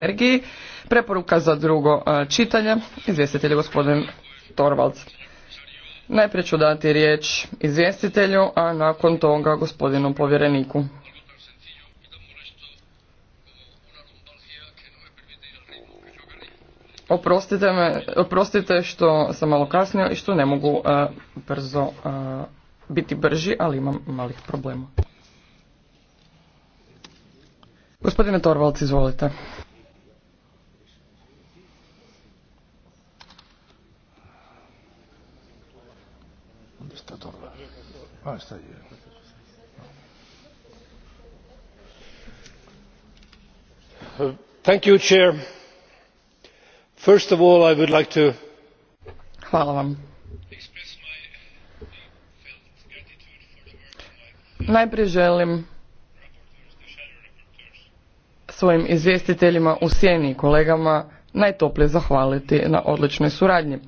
energiji. Preporuka za drugo e, čitanje, izvjestitelj gospodin Torvalds. Najprije ću dati riječ izvjestitelju, a nakon toga gospodinu povjereniku. Oprostite, me, oprostite što sam malo kasnio i što ne mogu e, brzo e, biti brži, ali imam malih problema. Gospodine Torvalc, izvolite. šta dobro. A šta je? Thank you, Chair. First of all, I would like to... Hvala vam. Najprije želim svojim izvjestiteljima u sjeni kolegama najtoplije zahvaliti na odličnoj suradnji.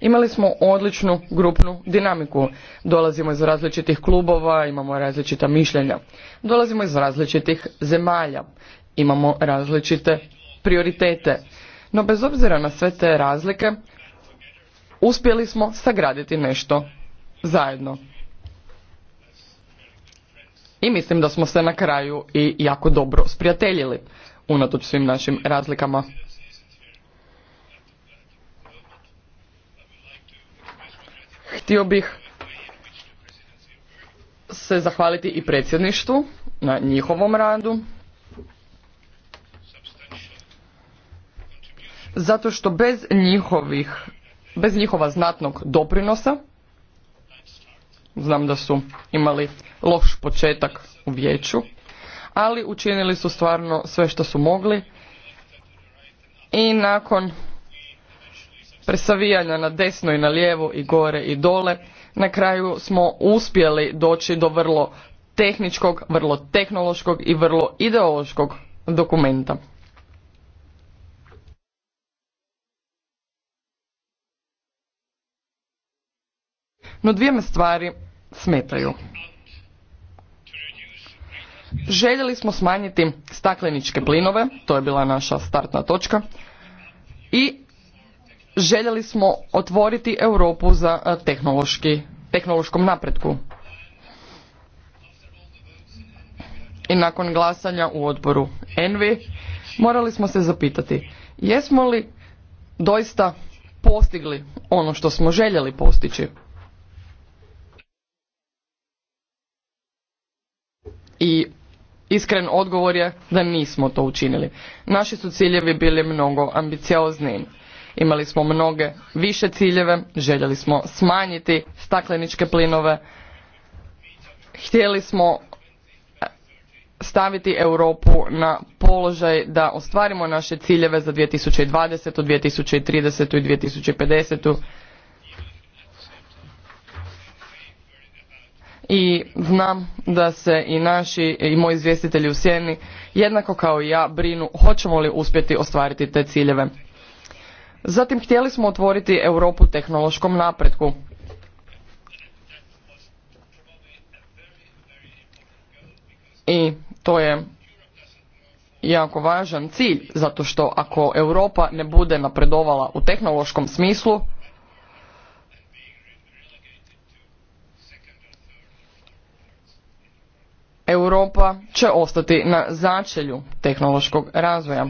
Imali smo odličnu grupnu dinamiku. Dolazimo iz različitih klubova, imamo različita mišljenja. Dolazimo iz različitih zemalja. Imamo različite prioritete. No bez obzira na sve te razlike, uspjeli smo sagraditi nešto zajedno. I mislim da smo se na kraju i jako dobro sprijateljili, unatoč svim našim razlikama Htio bih se zahvaliti i predsjedništvu na njihovom radu. Zato što bez njihovih, bez njihova znatnog doprinosa, znam da su imali loš početak u vijeću, ali učinili su stvarno sve što su mogli i nakon presavijanja na desno i na lijevo i gore i dole, na kraju smo uspjeli doći do vrlo tehničkog, vrlo tehnološkog i vrlo ideološkog dokumenta. No dvije me stvari smetaju. Željeli smo smanjiti stakleničke plinove, to je bila naša startna točka, i željeli smo otvoriti Europu za e, tehnološkom napretku. I nakon glasanja u odboru Envi morali smo se zapitati jesmo li doista postigli ono što smo željeli postići. I iskren odgovor je da nismo to učinili. Naši su ciljevi bili mnogo ambiciozniji. Imali smo mnoge više ciljeve, željeli smo smanjiti stakleničke plinove, htjeli smo staviti Europu na položaj da ostvarimo naše ciljeve za 2020., 2030. i 2050. i znam da se i naši i moji izvjestitelji u sjeni jednako kao i ja brinu hoćemo li uspjeti ostvariti te ciljeve. Zatim htjeli smo otvoriti Europu tehnološkom napretku. I to je jako važan cilj, zato što ako Europa ne bude napredovala u tehnološkom smislu, Europa će ostati na začelju tehnološkog razvoja.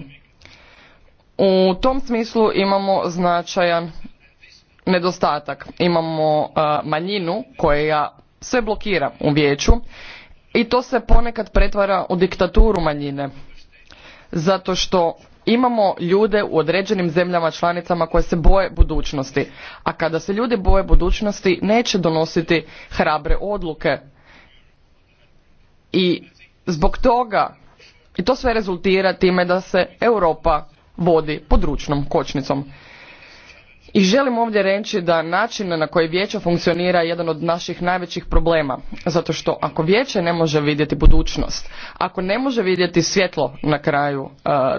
U tom smislu imamo značajan nedostatak. Imamo e, manjinu koja sve blokira u vijeću i to se ponekad pretvara u diktaturu manjine. Zato što imamo ljude u određenim zemljama članicama koje se boje budućnosti. A kada se ljudi boje budućnosti neće donositi hrabre odluke. I zbog toga i to sve rezultira time da se Europa vodi područnom kočnicom. I želim ovdje reći da način na koji vijeće funkcionira je jedan od naših najvećih problema. Zato što ako vijeće ne može vidjeti budućnost, ako ne može vidjeti svjetlo na kraju uh,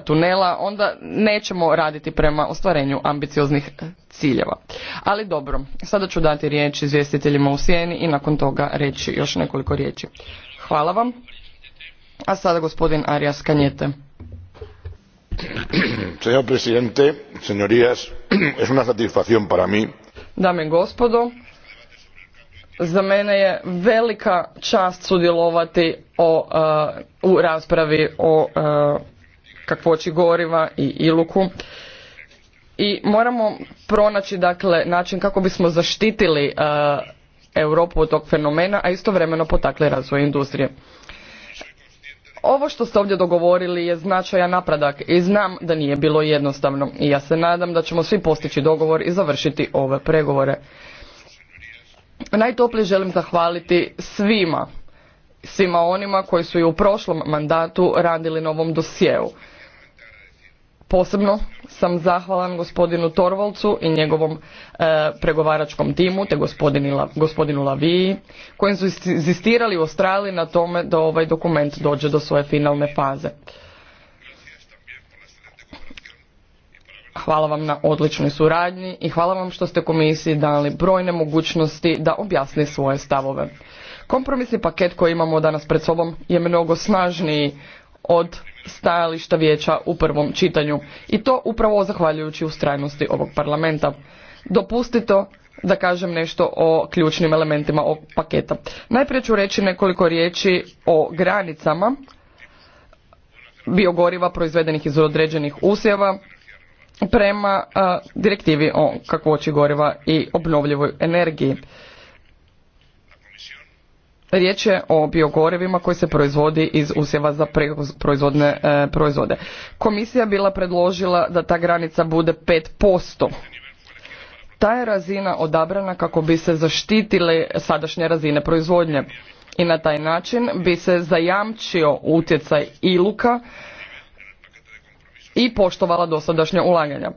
tunela, onda nećemo raditi prema ostvarenju ambicioznih uh, ciljeva. Ali dobro, sada ću dati riječ izvjestiteljima u sjeni i nakon toga reći još nekoliko riječi. Hvala vam. A sada gospodin Arias Kanjete. señor presidente señorías es una satisfacción para mí dame i gospodo za mene je velika čast sudjelovati eh, u raspravi o eh, kakvoći goriva i iluku i moramo pronaći dakle način kako bismo zaštitili eh, Europu od tog fenomena, a istovremeno potakli razvoj industrije. Ovo što ste ovdje dogovorili je značajan napredak i znam da nije bilo jednostavno i ja se nadam da ćemo svi postići dogovor i završiti ove pregovore. Najtoplije želim zahvaliti svima, svima onima koji su i u prošlom mandatu radili na ovom dosjeu. Posebno sam zahvalan gospodinu Torvalcu i njegovom e, pregovaračkom timu, te gospodinu, gospodinu Laviji, koji su insistirali u Australiji na tome da ovaj dokument dođe do svoje finalne faze. Hvala vam na odličnoj suradnji i hvala vam što ste komisiji dali brojne mogućnosti da objasni svoje stavove. Kompromisni paket koji imamo danas pred sobom je mnogo snažniji od stajališta vijeća u prvom čitanju i to upravo zahvaljujući ustrajnosti ovog parlamenta. Dopustito da kažem nešto o ključnim elementima ovog paketa. Najprije ću reći nekoliko riječi o granicama biogoriva proizvedenih iz određenih usjeva prema direktivi o kakvoći goriva i obnovljivoj energiji. Riječ je o biogorivima koji se proizvodi iz usjeva za proizvodne e, proizvode. Komisija bila predložila da ta granica bude 5%. Ta je razina odabrana kako bi se zaštitile sadašnje razine proizvodnje i na taj način bi se zajamčio utjecaj iluka i poštovala dosadašnja ulaganja.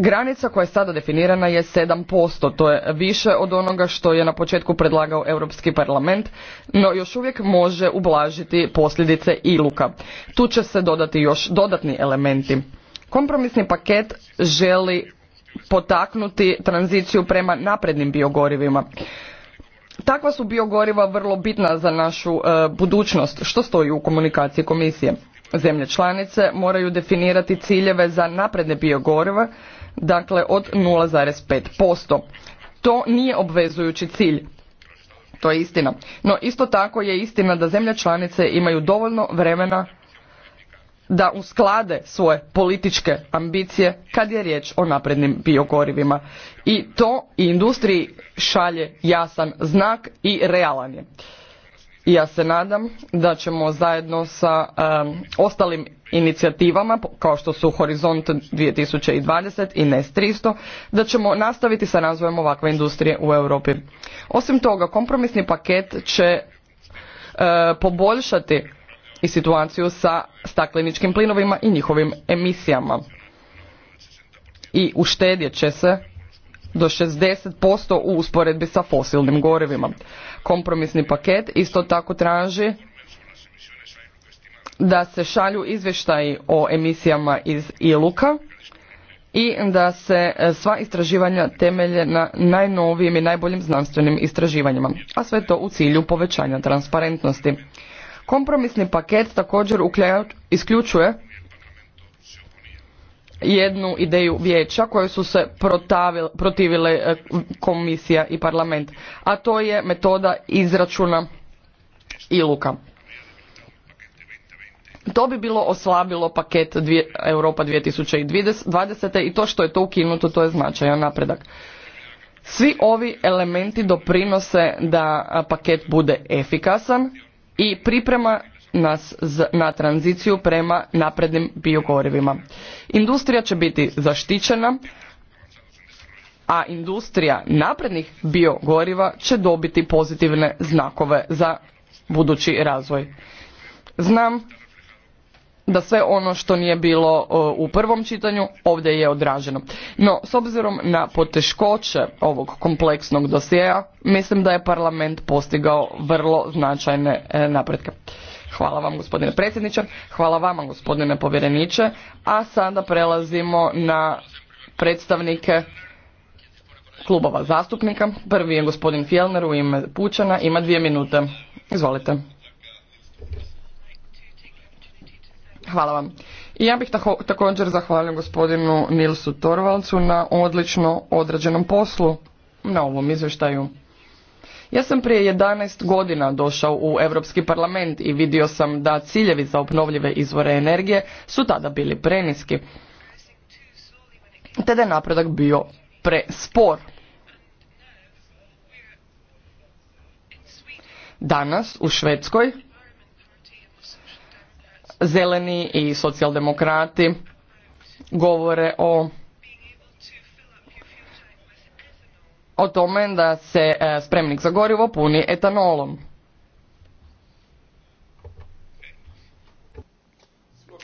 Granica koja je sada definirana je 7%, to je više od onoga što je na početku predlagao Europski parlament, no još uvijek može ublažiti posljedice iluka. Tu će se dodati još dodatni elementi. Kompromisni paket želi potaknuti tranziciju prema naprednim biogorivima. Takva su biogoriva vrlo bitna za našu e, budućnost, što stoji u komunikaciji komisije. Zemlje članice moraju definirati ciljeve za napredne biogoriva, dakle od 0,5%. To nije obvezujući cilj. To je istina. No isto tako je istina da zemlje članice imaju dovoljno vremena da usklade svoje političke ambicije kad je riječ o naprednim biogorivima. I to i industriji šalje jasan znak i realan je. ja se nadam da ćemo zajedno sa um, ostalim inicijativama kao što su Horizont 2020 i NES 300 da ćemo nastaviti sa razvojem ovakve industrije u Europi. Osim toga, kompromisni paket će e, poboljšati i situaciju sa stakleničkim plinovima i njihovim emisijama. I uštedjet će se do 60% u usporedbi sa fosilnim gorivima. Kompromisni paket isto tako traži da se šalju izvještaji o emisijama iz iluka i da se e, sva istraživanja temelje na najnovijim i najboljim znanstvenim istraživanjima, a sve to u cilju povećanja transparentnosti. Kompromisni paket također isključuje jednu ideju vijeća koju su se protivile e, komisija i parlament, a to je metoda izračuna iluka to bi bilo oslabilo paket Europa 2020. i to što je to ukinuto, to je značajan napredak. Svi ovi elementi doprinose da paket bude efikasan i priprema nas na tranziciju prema naprednim biogorivima. Industrija će biti zaštićena, a industrija naprednih biogoriva će dobiti pozitivne znakove za budući razvoj. Znam da sve ono što nije bilo e, u prvom čitanju ovdje je odraženo. No, s obzirom na poteškoće ovog kompleksnog dosjeja, mislim da je parlament postigao vrlo značajne e, napretke. Hvala vam gospodine predsjedniče, hvala vama gospodine povjereniče, a sada prelazimo na predstavnike klubova zastupnika. Prvi je gospodin Fjellner u ime Pučana, ima dvije minute. Izvolite. Hvala vam. I ja bih tako, također zahvalio gospodinu Nilsu Torvalcu na odlično odrađenom poslu na ovom izvještaju. Ja sam prije 11 godina došao u Europski parlament i vidio sam da ciljevi za obnovljive izvore energije su tada bili preniski. Te je napredak bio prespor. Danas u Švedskoj zeleni i socijaldemokrati govore o o tome da se e, spremnik za gorivo puni etanolom.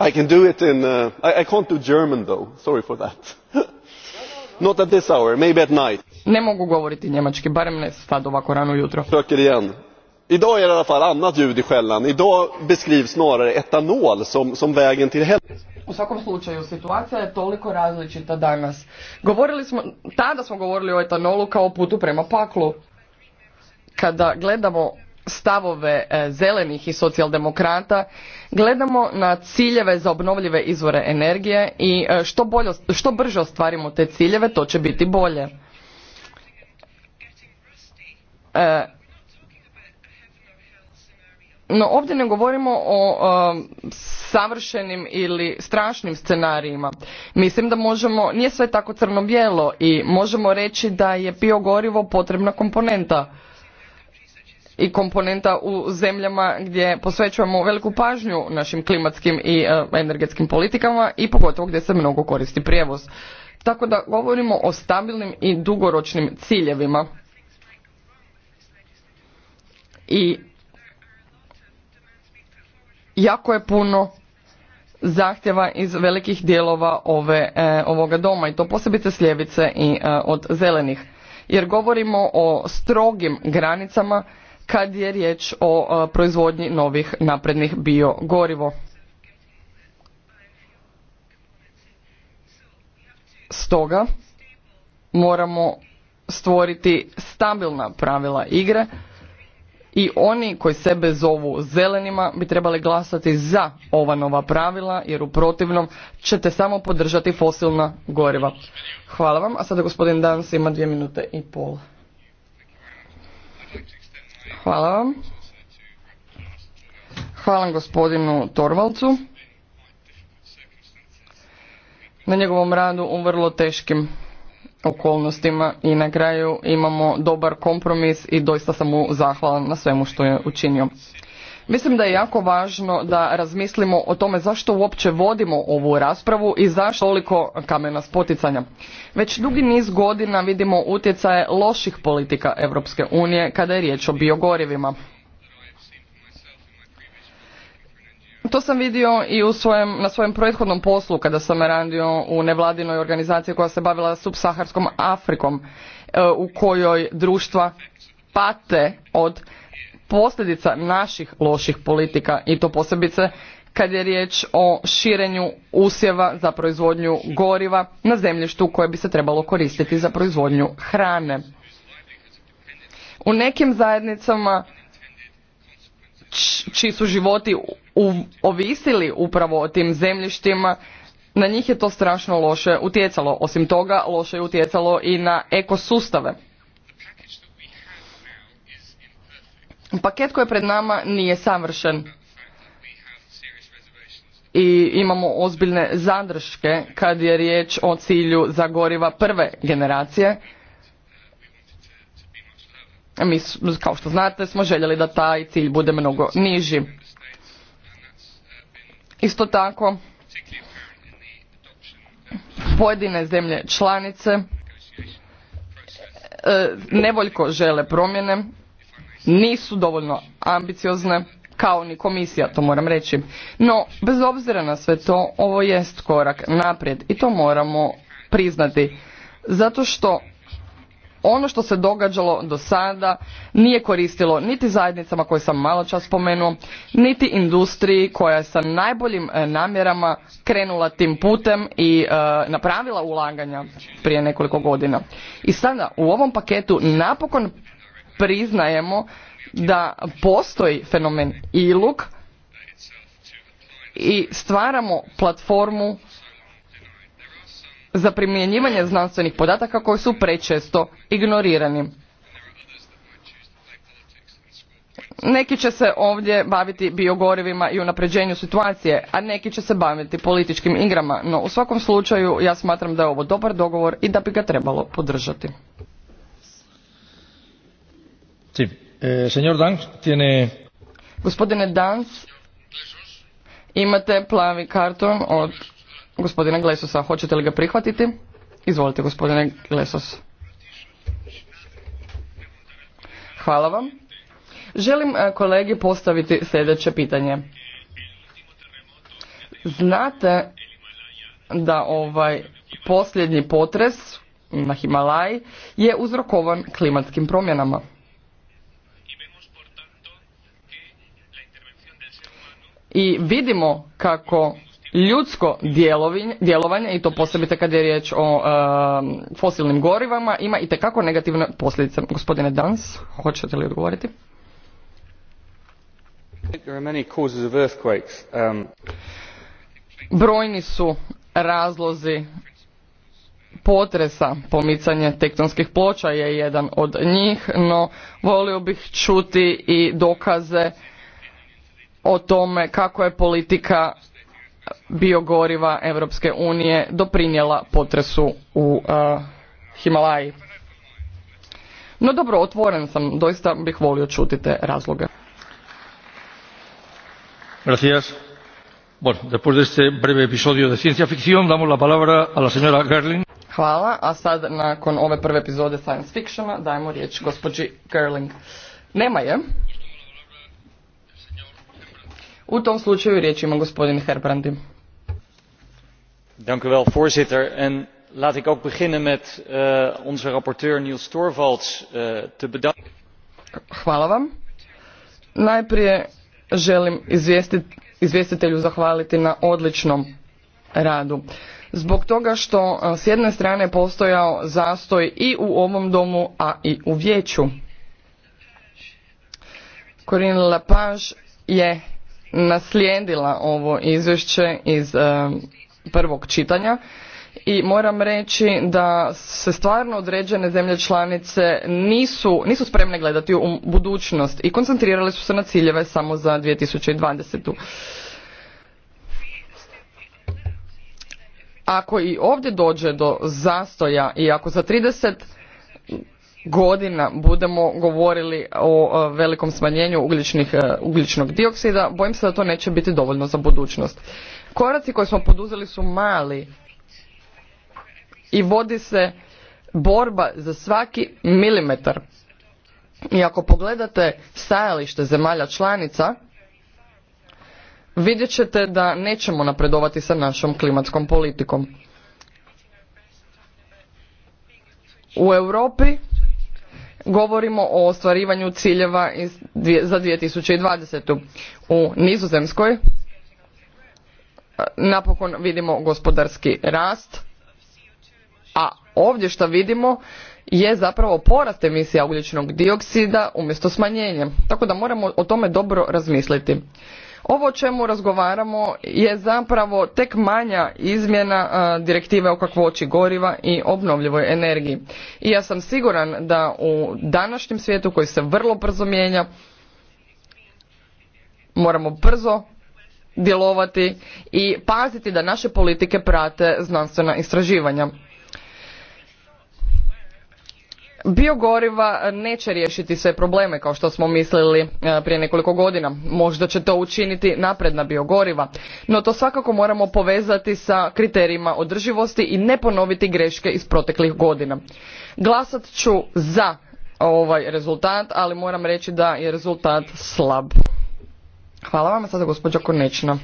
I can do it in uh, I, I can't do German though. Sorry for that. Not at this hour, maybe at night. Ne mogu govoriti njemački, barem ne sad ovako rano jutro. Försöker idag är det i alla fall i skällan. Idag beskrivs snarare etanol som, som vägen U svakom slučaju, situacija je toliko različita danas. Govorili smo, tada smo govorili o etanolu kao putu prema paklu. Kada gledamo stavove e, zelenih i socijaldemokrata, gledamo na ciljeve za obnovljive izvore energije i e, što, bolje, što brže ostvarimo te ciljeve, to će biti bolje. E, no ovdje ne govorimo o savršenim ili strašnim scenarijima mislim da možemo nije sve tako crno bijelo i možemo reći da je gorivo potrebna komponenta i komponenta u zemljama gdje posvećujemo veliku pažnju našim klimatskim i e, energetskim politikama i pogotovo gdje se mnogo koristi prijevoz tako da govorimo o stabilnim i dugoročnim ciljevima i jako je puno zahtjeva iz velikih dijelova ove, e, ovoga doma i to posebice s ljevice i e, od zelenih. Jer govorimo o strogim granicama kad je riječ o e, proizvodnji novih naprednih biogorivo. Stoga moramo stvoriti stabilna pravila igre i oni koji sebe zovu zelenima bi trebali glasati za ova nova pravila jer u protivnom ćete samo podržati fosilna goriva. Hvala vam, a sada gospodin Dans ima dvije minute i pol. Hvala vam. Hvala gospodinu Torvalcu na njegovom radu u vrlo teškim okolnostima i na kraju imamo dobar kompromis i doista sam mu zahvalan na svemu što je učinio. Mislim da je jako važno da razmislimo o tome zašto uopće vodimo ovu raspravu i zašto toliko kamena spoticanja. Već dugi niz godina vidimo utjecaje loših politika Europske unije kada je riječ o biogorivima. to sam vidio i u na svojem prethodnom poslu kada sam radio u nevladinoj organizaciji koja se bavila subsaharskom Afrikom e, u kojoj društva pate od posljedica naših loših politika i to posebice kad je riječ o širenju usjeva za proizvodnju goriva na zemljištu koje bi se trebalo koristiti za proizvodnju hrane. U nekim zajednicama čiji su životi ovisili upravo o tim zemljištima, na njih je to strašno loše utjecalo. Osim toga, loše je utjecalo i na ekosustave. Paket koji je pred nama nije savršen i imamo ozbiljne zadrške kad je riječ o cilju za goriva prve generacije. Mi, kao što znate, smo željeli da taj cilj bude mnogo niži. Isto tako, pojedine zemlje članice e, nevoljko žele promjene, nisu dovoljno ambiciozne, kao ni komisija, to moram reći. No, bez obzira na sve to, ovo jest korak naprijed i to moramo priznati. Zato što ono što se događalo do sada nije koristilo niti zajednicama koje sam malo čas spomenuo, niti industriji koja je sa najboljim e, namjerama krenula tim putem i e, napravila ulaganja prije nekoliko godina. I sada u ovom paketu napokon priznajemo da postoji fenomen iluk i stvaramo platformu za primjenjivanje znanstvenih podataka koji su prečesto ignorirani. Neki će se ovdje baviti biogorivima i unapređenju situacije, a neki će se baviti političkim igrama, no u svakom slučaju ja smatram da je ovo dobar dogovor i da bi ga trebalo podržati. Sí. Eh, señor tiene... Gospodine Dans, imate plavi karton od Gospodine Glesosa. Hoćete li ga prihvatiti? Izvolite gospodine Glesos. Hvala vam. Želim e, kolegi postaviti sljedeće pitanje. Znate da ovaj posljednji potres na Himalaj je uzrokovan klimatskim promjenama. I vidimo kako ljudsko djelovanje i to posebite kad je riječ o fosilnim gorivama ima i tekako negativne posljedice. Gospodine Dans, hoćete li odgovoriti? Um, Brojni su razlozi potresa, pomicanje tektonskih ploča je jedan od njih, no volio bih čuti i dokaze o tome kako je politika biogoriva Europske unije doprinijela potresu u uh, Himalaji. No dobro, otvoren sam, doista bih volio čuti te razloge. Gracias. breve la a Hvala, a sad nakon ove prve epizode science fictiona dajemo riječ gospođi Gerling. Nema je. U tom slučaju riječ ima gospodin Herbrandi. Dank u wel, voorzitter. En laat ik ook beginnen met uh, onze rapporteur Niels Torvalds uh, eh, te bedanken. Hvala vam. Najprije želim izvijestit, izvjestitelju zahvaliti na odličnom radu. Zbog toga što eh, s jedne strane postojao zastoj i u ovom domu, a i u vijeću. Corinne Lapage je naslijedila ovo izvješće iz e, prvog čitanja i moram reći da se stvarno određene zemlje članice nisu, nisu spremne gledati u budućnost i koncentrirale su se na ciljeve samo za 2020. Ako i ovdje dođe do zastoja i ako za 30 godina budemo govorili o velikom smanjenju e, ugljičnog dioksida, bojim se da to neće biti dovoljno za budućnost. Koraci koje smo poduzeli su mali i vodi se borba za svaki milimetar. I ako pogledate stajalište zemalja članica, vidjet ćete da nećemo napredovati sa našom klimatskom politikom. U Europi govorimo o ostvarivanju ciljeva za 2020. U Nizozemskoj e, napokon vidimo gospodarski rast, a ovdje što vidimo je zapravo porast emisija ugljičnog dioksida umjesto smanjenja. Tako da moramo o tome dobro razmisliti. Ovo o čemu razgovaramo je zapravo tek manja izmjena direktive o kakvoći goriva i obnovljivoj energiji. I ja sam siguran da u današnjem svijetu koji se vrlo brzo mijenja, moramo brzo djelovati i paziti da naše politike prate znanstvena istraživanja. Biogoriva neće riješiti sve probleme kao što smo mislili e, prije nekoliko godina. Možda će to učiniti napredna biogoriva, no to svakako moramo povezati sa kriterijima održivosti i ne ponoviti greške iz proteklih godina. Glasat ću za ovaj rezultat, ali moram reći da je rezultat slab. Hvala vam, sada gospođa Konečna.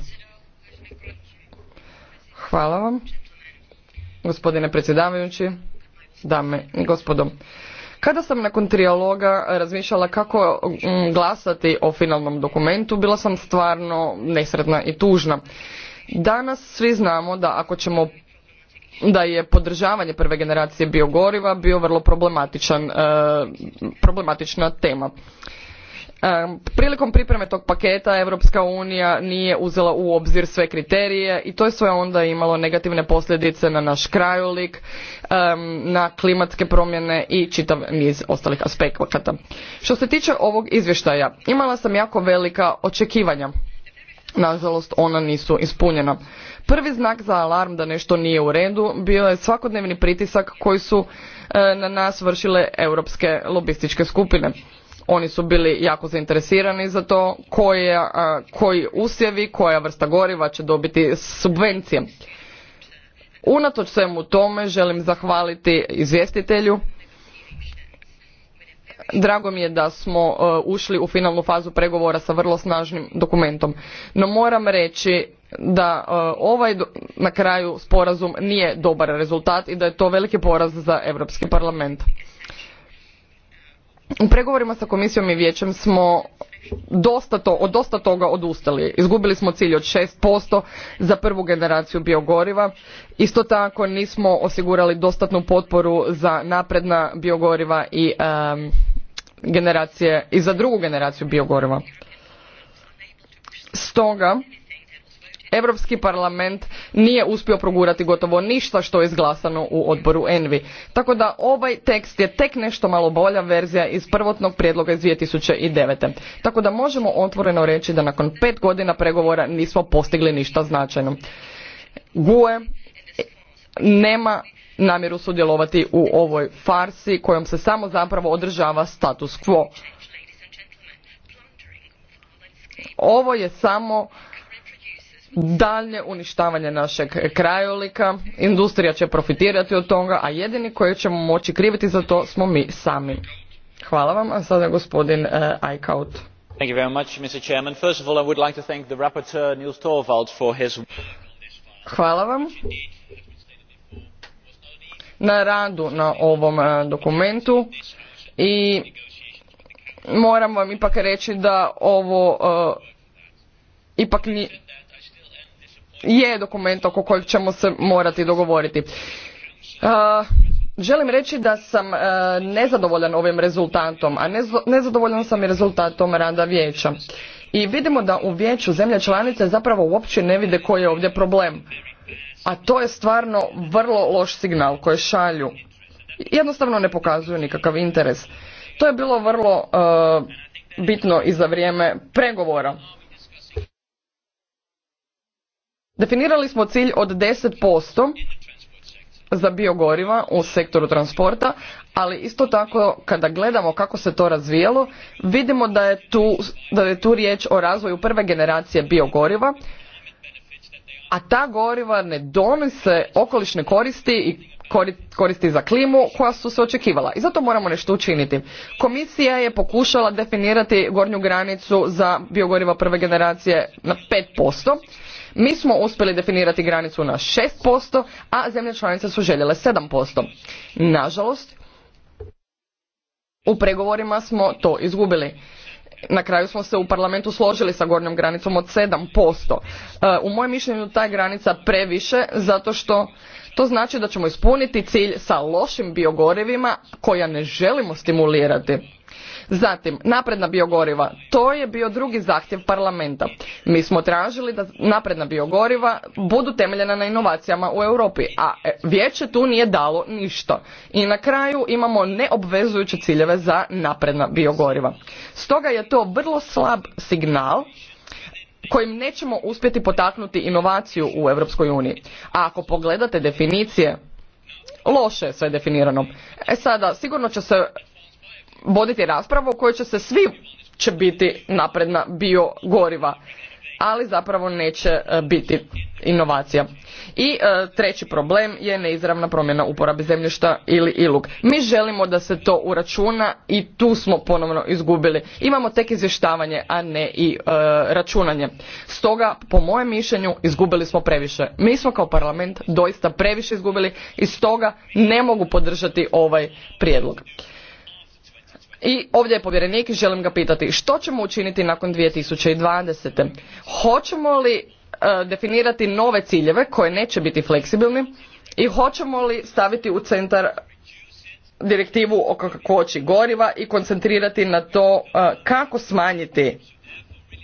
Hvala vam, gospodine predsjedavajući, dame i gospodo. Kada sam nakon trijaloga razmišljala kako mm, glasati o finalnom dokumentu, bila sam stvarno nesretna i tužna. Danas svi znamo da ako ćemo da je podržavanje prve generacije biogoriva bio vrlo problematičan, e, problematična tema prilikom pripreme tog paketa europska unija nije uzela u obzir sve kriterije i to je sve onda imalo negativne posljedice na naš krajolik na klimatske promjene i čitav niz ostalih aspekata što se tiče ovog izvještaja imala sam jako velika očekivanja nažalost ona nisu ispunjena prvi znak za alarm da nešto nije u redu bio je svakodnevni pritisak koji su e, na nas vršile europske lobističke skupine oni su bili jako zainteresirani za to koje, koji usjevi, koja vrsta goriva će dobiti subvencije. Unatoč svemu tome želim zahvaliti izvjestitelju. Drago mi je da smo e, ušli u finalnu fazu pregovora sa vrlo snažnim dokumentom. No moram reći da e, ovaj na kraju sporazum nije dobar rezultat i da je to veliki poraz za Europski parlament u pregovorima sa komisijom i vijećem smo dosta to, od dosta toga odustali. Izgubili smo cilj od 6% za prvu generaciju biogoriva. Isto tako nismo osigurali dostatnu potporu za napredna biogoriva i generacije i za drugu generaciju biogoriva. Stoga Europski parlament nije uspio progurati gotovo ništa što je izglasano u odboru Envi. Tako da ovaj tekst je tek nešto malo bolja verzija iz prvotnog prijedloga iz 2009. Tako da možemo otvoreno reći da nakon pet godina pregovora nismo postigli ništa značajno. GUE nema namjeru sudjelovati u ovoj farsi kojom se samo zapravo održava status quo. Ovo je samo daljnje uništavanje našeg krajolika, industrija će profitirati od toga, a jedini koji ćemo moći kriviti za to smo mi sami. Hvala vam, a sada gospodin e, Eichaut. Thank you very much, Mr. Chairman. First of all, I would like to thank the rapporteur, Niels Torvald for his... Hvala vam na radu na ovom e, dokumentu i moram vam ipak reći da ovo e, ipak ni, je dokument oko kojeg ćemo se morati dogovoriti. E, želim reći da sam e, nezadovoljan ovim rezultatom, a nezadovoljan sam i rezultatom rada vijeća. I vidimo da u vijeću zemlje članice zapravo uopće ne vide koji je ovdje problem. A to je stvarno vrlo loš signal koji šalju. Jednostavno ne pokazuju nikakav interes. To je bilo vrlo e, bitno i za vrijeme pregovora. Definirali smo cilj od 10% za biogoriva u sektoru transporta, ali isto tako kada gledamo kako se to razvijalo, vidimo da je tu, da je tu riječ o razvoju prve generacije biogoriva, a ta goriva ne donose okolišne koristi i koristi za klimu koja su se očekivala. I zato moramo nešto učiniti. Komisija je pokušala definirati gornju granicu za biogoriva prve generacije na 5%, mi smo uspjeli definirati granicu na 6%, a zemlje članice su željele 7%. Nažalost, u pregovorima smo to izgubili. Na kraju smo se u parlamentu složili sa gornjom granicom od 7%. E, u mojem mišljenju ta je granica previše zato što to znači da ćemo ispuniti cilj sa lošim biogorivima koja ne želimo stimulirati Zatim, napredna biogoriva. To je bio drugi zahtjev parlamenta. Mi smo tražili da napredna biogoriva budu temeljena na inovacijama u Europi, a e, vijeće tu nije dalo ništa. I na kraju imamo neobvezujuće ciljeve za napredna biogoriva. Stoga je to vrlo slab signal kojim nećemo uspjeti potaknuti inovaciju u Europskoj uniji. A ako pogledate definicije, loše je sve definirano. E sada, sigurno će se voditi raspravu u kojoj će se svi će biti napredna biogoriva ali zapravo neće e, biti inovacija. I e, treći problem je neizravna promjena uporabe zemljišta ili ilug. Mi želimo da se to uračuna i tu smo ponovno izgubili. Imamo tek izvještavanje, a ne i e, računanje. Stoga, po mojem mišljenju, izgubili smo previše. Mi smo kao parlament doista previše izgubili i stoga ne mogu podržati ovaj prijedlog. I ovdje je povjerenik i želim ga pitati što ćemo učiniti nakon 2020. Hoćemo li e, definirati nove ciljeve koje neće biti fleksibilni i hoćemo li staviti u centar direktivu o koči goriva i koncentrirati na to e, kako smanjiti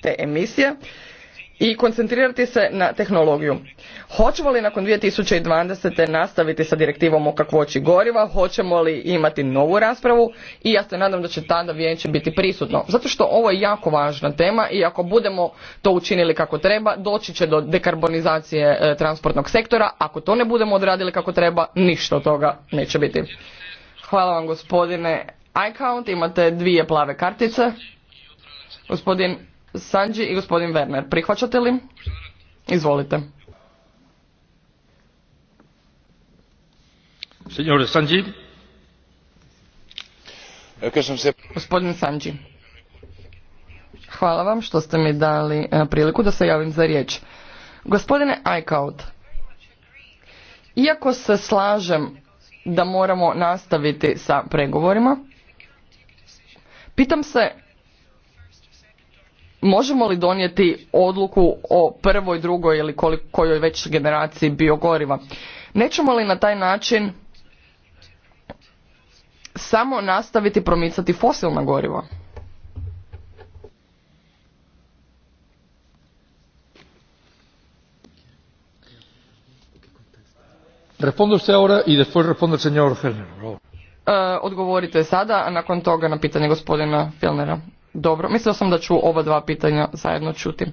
te emisije i koncentrirati se na tehnologiju. Hoćemo li nakon 2020. nastaviti sa direktivom o kakvoći goriva, hoćemo li imati novu raspravu i ja se nadam da će tada vijeće biti prisutno. Zato što ovo je jako važna tema i ako budemo to učinili kako treba, doći će do dekarbonizacije e, transportnog sektora. Ako to ne budemo odradili kako treba, ništa od toga neće biti. Hvala vam gospodine iCount, imate dvije plave kartice. Gospodin Sanđi i gospodin Werner. Prihvaćate li? Izvolite. Signore Sanđi. Gospodin Sanđi. Hvala vam što ste mi dali e, priliku da se javim za riječ. Gospodine Eichhout, iako se slažem da moramo nastaviti sa pregovorima, pitam se možemo li donijeti odluku o prvoj, drugoj ili kojoj već generaciji biogoriva? Nećemo li na taj način samo nastaviti promicati fosilna goriva? Responde eh, Odgovorite sada, a nakon toga na pitanje gospodina Fellnera. Dobro, mislila sam da ću ova dva pitanja zajedno čuti.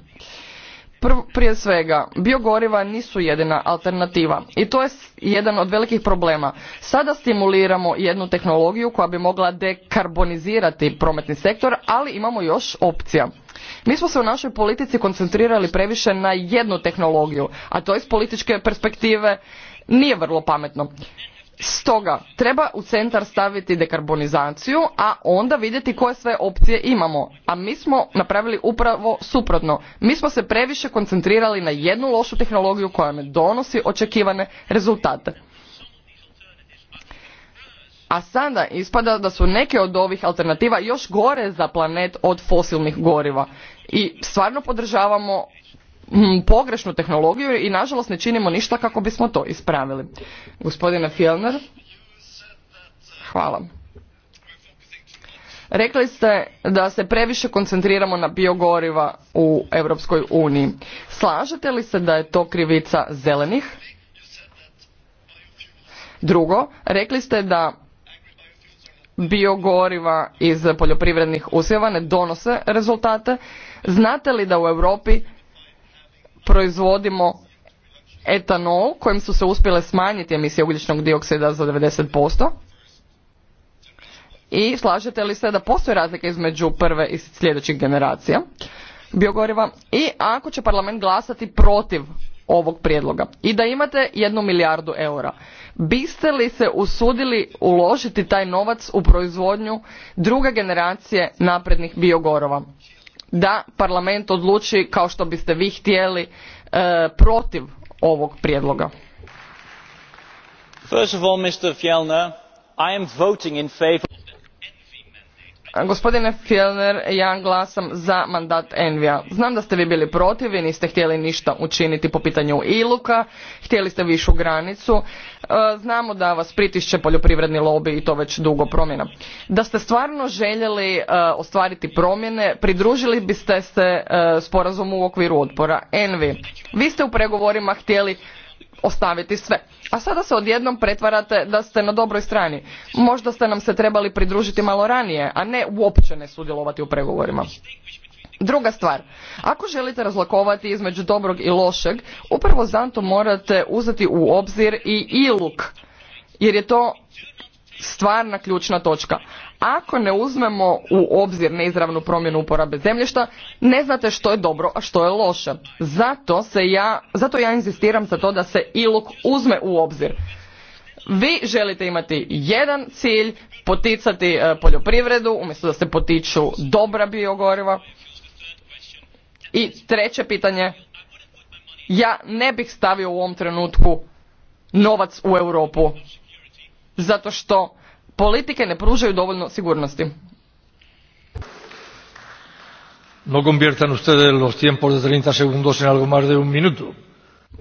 Prije svega, biogoriva nisu jedina alternativa i to je jedan od velikih problema. Sada stimuliramo jednu tehnologiju koja bi mogla dekarbonizirati prometni sektor, ali imamo još opcija. Mi smo se u našoj politici koncentrirali previše na jednu tehnologiju, a to iz političke perspektive nije vrlo pametno. Stoga, treba u centar staviti dekarbonizaciju, a onda vidjeti koje sve opcije imamo. A mi smo napravili upravo suprotno. Mi smo se previše koncentrirali na jednu lošu tehnologiju koja ne donosi očekivane rezultate. A sada ispada da su neke od ovih alternativa još gore za planet od fosilnih goriva. I stvarno podržavamo pogrešnu tehnologiju i nažalost ne činimo ništa kako bismo to ispravili. Gospodine Fjellner, hvala. Rekli ste da se previše koncentriramo na biogoriva u Europskoj uniji. Slažete li se da je to krivica zelenih? Drugo, rekli ste da biogoriva iz poljoprivrednih usjeva ne donose rezultate. Znate li da u Europi proizvodimo etanol kojim su se uspjele smanjiti emisije ugljičnog dioksida za 90%. I slažete li se da postoje razlike između prve i sljedećih generacija biogoriva i ako će parlament glasati protiv ovog prijedloga i da imate jednu milijardu eura. Biste li se usudili uložiti taj novac u proizvodnju druge generacije naprednih biogorova? da parlament odluči kao što biste vi htjeli e, protiv ovog prijedloga. First Mr. Gospodine Fjellner, ja glasam za mandat Envija. Znam da ste vi bili protiv i niste htjeli ništa učiniti po pitanju Iluka, htjeli ste višu granicu. E, znamo da vas pritišće poljoprivredni lobby i to već dugo promjena. Da ste stvarno željeli e, ostvariti promjene, pridružili biste se e, sporazumu u okviru otpora Envi. Vi ste u pregovorima htjeli ostaviti sve a sada se odjednom pretvarate da ste na dobroj strani. Možda ste nam se trebali pridružiti malo ranije, a ne uopće ne sudjelovati u pregovorima. Druga stvar, ako želite razlakovati između dobrog i lošeg, upravo zato morate uzeti u obzir i iluk, jer je to stvarna ključna točka. Ako ne uzmemo u obzir neizravnu promjenu uporabe zemljišta, ne znate što je dobro, a što je loše. Zato, se ja, zato ja inzistiram za to da se iluk uzme u obzir. Vi želite imati jedan cilj, poticati e, poljoprivredu, umjesto da se potiču dobra biogoriva. I treće pitanje, ja ne bih stavio u ovom trenutku novac u Europu, zato što politike ne pružaju dovoljno sigurnosti. No conviertan ustedes los tiempos de 30 segundos en algo más de un minuto.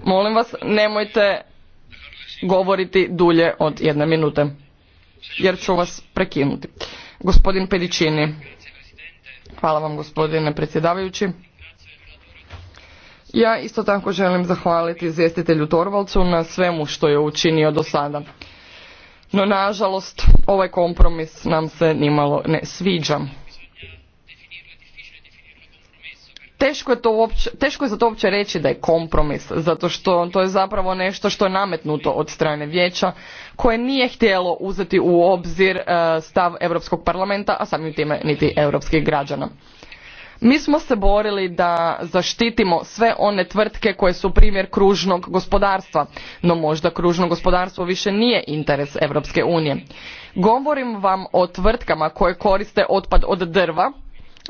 Molim vas, nemojte govoriti dulje od jedne minute, jer ću vas prekinuti. Gospodin Pedičini. Hvala vam gospodine predsjedavajući. Ja isto tako želim zahvaliti izvjestitelju Torvalcu na svemu što je učinio do sada no nažalost ovaj kompromis nam se nimalo ne sviđa. Teško je, teško je za to uopće reći da je kompromis, zato što to je zapravo nešto što je nametnuto od strane vijeća koje nije htjelo uzeti u obzir e, stav Europskog parlamenta, a samim time niti europskih građana mi smo se borili da zaštitimo sve one tvrtke koje su primjer kružnog gospodarstva no možda kružno gospodarstvo više nije interes europske unije govorim vam o tvrtkama koje koriste otpad od drva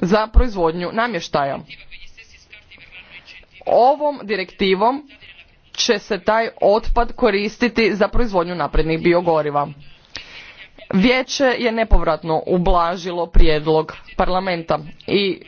za proizvodnju namještaja ovom direktivom će se taj otpad koristiti za proizvodnju naprednih biogoriva vijeće je nepovratno ublažilo prijedlog parlamenta i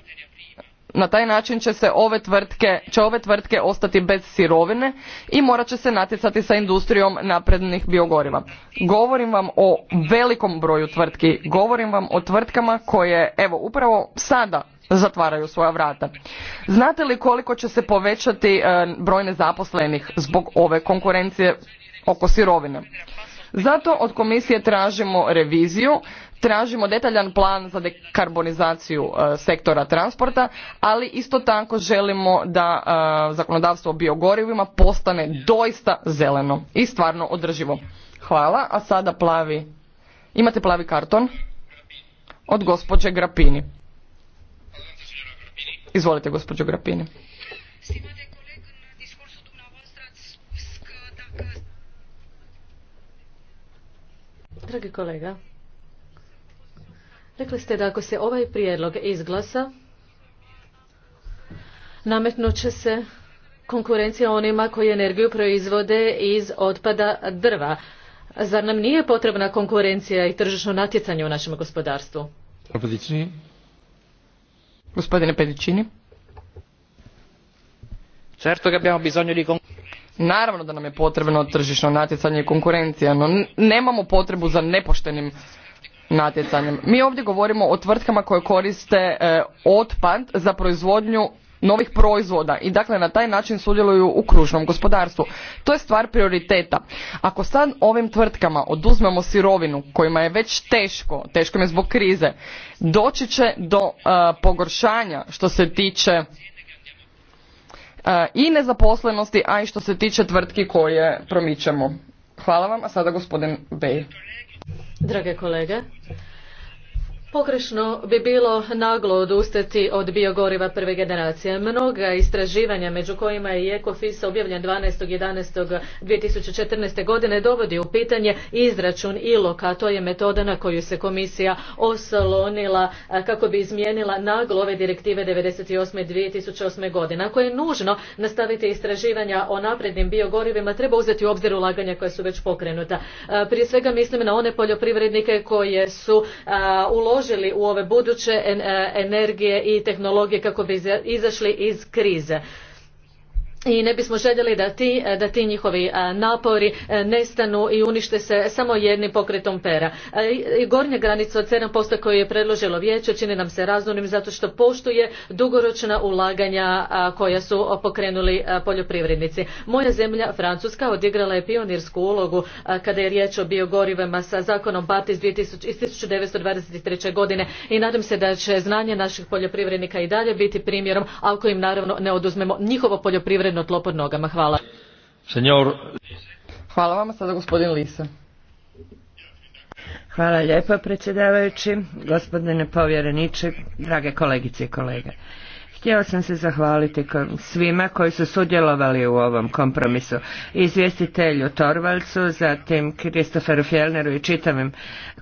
na taj način će se ove tvrtke, će ove tvrtke ostati bez sirovine i morat će se natjecati sa industrijom naprednih biogoriva. Govorim vam o velikom broju tvrtki, govorim vam o tvrtkama koje evo upravo sada zatvaraju svoja vrata. Znate li koliko će se povećati e, broj nezaposlenih zbog ove konkurencije oko sirovine? Zato od komisije tražimo reviziju tražimo detaljan plan za dekarbonizaciju e, sektora transporta ali isto tako želimo da e, zakonodavstvo o biogorivima postane doista zeleno i stvarno održivo hvala a sada plavi imate plavi karton od gospođe grapini izvolite gospođo grapini dragi kolega Rekli ste da ako se ovaj prijedlog izglasa, nametnut će se konkurencija onima koji energiju proizvode iz otpada drva. Zar nam nije potrebna konkurencija i tržišno natjecanje u našem gospodarstvu? Opetični. Gospodine Pedicini. Certo che abbiamo bisogno di Naravno da nam je potrebno tržišno natjecanje i konkurencija, no nemamo potrebu za nepoštenim natjecanjem. Mi ovdje govorimo o tvrtkama koje koriste e, otpad za proizvodnju novih proizvoda i dakle na taj način sudjeluju u kružnom gospodarstvu. To je stvar prioriteta. Ako sad ovim tvrtkama oduzmemo sirovinu kojima je već teško, teško je zbog krize, doći će do e, pogoršanja što se tiče e, i nezaposlenosti, a i što se tiče tvrtki koje promičemo. Hvala vam, a sada gospodin Bej. Drage kolege, Pokrešno bi bilo naglo odustati od biogoriva prve generacije. Mnoga istraživanja, među kojima je Ecofis objavljen 12.11.2014. godine, dovodi u pitanje izračun iloka. To je metoda na koju se komisija osalonila kako bi izmijenila naglo ove direktive 98. 2008. godine. Ako je nužno nastaviti istraživanja o naprednim biogorivima, treba uzeti u obzir ulaganja koja su već pokrenuta. Prije svega mislim na one poljoprivrednike koje su uložili uložili u ove buduće e, energije i tehnologije kako bi izašli iz krize i ne bismo željeli da ti, da ti njihovi napori nestanu i unište se samo jednim pokretom pera. Gornja granica od posto koju je predložilo vijeće čini nam se razumnim zato što poštuje dugoročna ulaganja koja su pokrenuli poljoprivrednici. Moja zemlja Francuska odigrala je pionirsku ulogu kada je riječ o biogorivima sa zakonom BAT iz 1923. godine i nadam se da će znanje naših poljoprivrednika i dalje biti primjerom ako im naravno ne oduzmemo njihovo poljoprivredno na tlo pod nogama. Hvala. Senjor... Hvala vam, sada gospodin Lisa. Hvala lijepa predsjedavajući, gospodine povjereniče, drage kolegice i kolege. Htjela sam se zahvaliti svima koji su sudjelovali u ovom kompromisu. Izvjestitelju Torvalcu, zatim Kristoferu Fjellneru i čitavim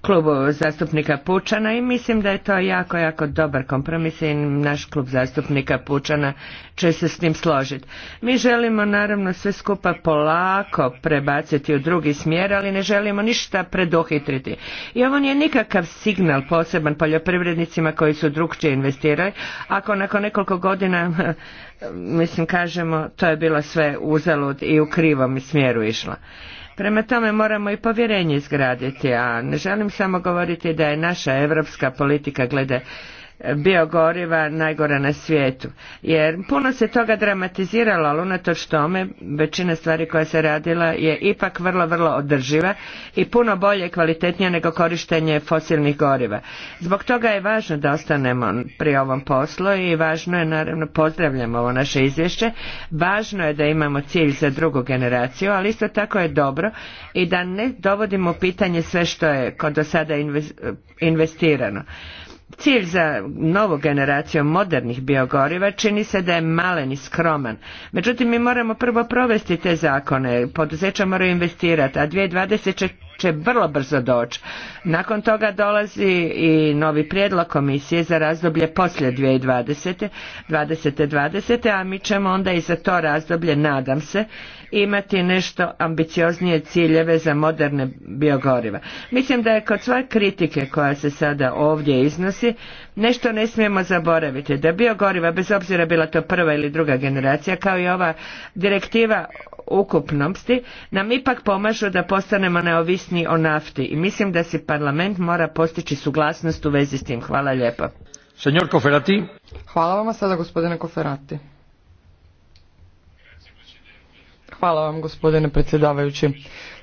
klubu zastupnika Pučana i mislim da je to jako, jako dobar kompromis i naš klub zastupnika Pučana će se s tim složiti. Mi želimo naravno sve skupa polako prebaciti u drugi smjer, ali ne želimo ništa preduhitriti. I ovo nije nikakav signal poseban poljoprivrednicima koji su drugčije investirali. Ako nakon nekog nekoliko godina mislim kažemo to je bilo sve uzalud i u krivom smjeru išlo. Prema tome moramo i povjerenje izgraditi, a ne želim samo govoriti da je naša europska politika glede biogoriva najgora na svijetu. Jer puno se toga dramatiziralo, ali unatoč tome većina stvari koja se radila je ipak vrlo, vrlo održiva i puno bolje i kvalitetnija nego korištenje fosilnih goriva. Zbog toga je važno da ostanemo pri ovom poslu i važno je, naravno, pozdravljamo ovo naše izvješće, važno je da imamo cilj za drugu generaciju, ali isto tako je dobro i da ne dovodimo pitanje sve što je kod do sada investirano. Cilj za novu generaciju modernih biogoriva čini se da je malen i skroman. Međutim, mi moramo prvo provesti te zakone, poduzeća moraju investirati, a 2020 će će vrlo brzo doći. Nakon toga dolazi i novi prijedlog komisije za razdoblje poslije 2020. 2020. a mi ćemo onda i za to razdoblje, nadam se, imati nešto ambicioznije ciljeve za moderne biogoriva. Mislim da je kod svoje kritike koja se sada ovdje iznosi, Nešto ne smijemo zaboraviti, da biogoriva, bez obzira bila to prva ili druga generacija, kao i ova direktiva ukupnosti, nam ipak pomažu da postanemo neovisni o nafti i mislim da se parlament mora postići suglasnost u vezi s tim. Hvala lijepo. Hvala vam sada gospodine Koferati. Hvala vam gospodine predsjedavajući.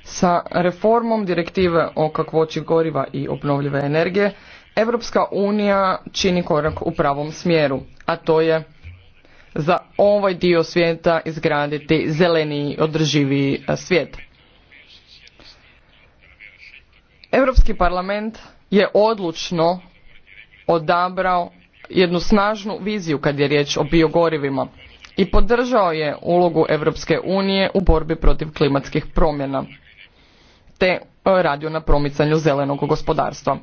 Sa reformom direktive o kakvoći goriva i obnovljive energije Europska unija čini korak u pravom smjeru, a to je za ovaj dio svijeta izgraditi zeleniji, održiviji e, svijet. Europski parlament je odlučno odabrao jednu snažnu viziju kad je riječ o biogorivima i podržao je ulogu Europske unije u borbi protiv klimatskih promjena te e, radio na promicanju zelenog gospodarstva.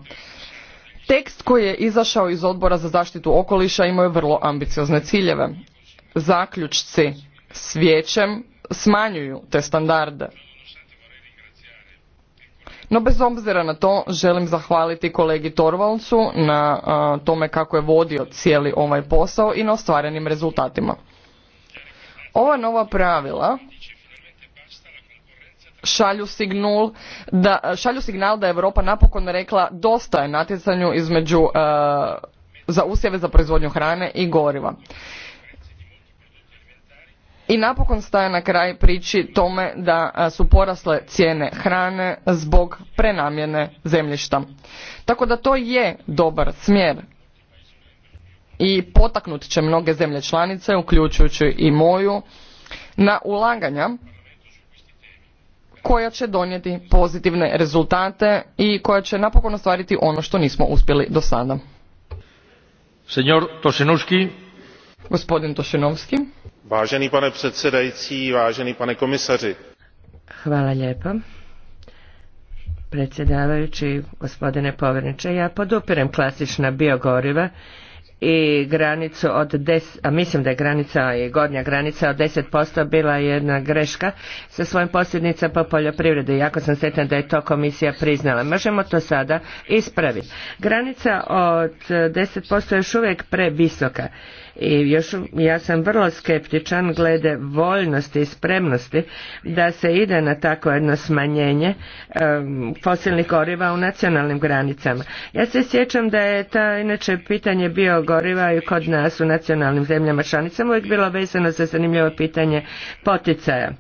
Tekst koji je izašao iz odbora za zaštitu okoliša imao je vrlo ambiciozne ciljeve. Zaključci s vijećem smanjuju te standarde. No bez obzira na to želim zahvaliti kolegi Torvalcu na tome kako je vodio cijeli ovaj posao i na ostvarenim rezultatima. Ova nova pravila šalju signal da, je Europa napokon rekla dosta je natjecanju između e, za usjeve za proizvodnju hrane i goriva. I napokon staje na kraj priči tome da e, su porasle cijene hrane zbog prenamjene zemljišta. Tako da to je dobar smjer i potaknut će mnoge zemlje članice, uključujući i moju, na ulaganja koja će donijeti pozitivne rezultate i koja će napokon ostvariti ono što nismo uspjeli do sada. Senjor Tošenuški. Gospodin Tošenovski. Vážený pane předsedající, važeni pane komisaři. Hvala lijepa. Predsjedavajući, gospodine povrniče, ja podupirem klasična biogoriva i granicu od 10, a mislim da je granica i gornja granica od 10% bila jedna greška sa svojim posljednica po poljoprivredi. Jako sam sretna da je to komisija priznala. Možemo to sada ispraviti. Granica od 10% je još uvijek previsoka i još ja sam vrlo skeptičan glede voljnosti i spremnosti da se ide na tako jedno smanjenje fosilnih goriva u nacionalnim granicama. Ja se sjećam da je ta inače pitanje goriva i kod nas u nacionalnim zemljama članicama uvijek bilo vezano za zanimljivo pitanje poticaja.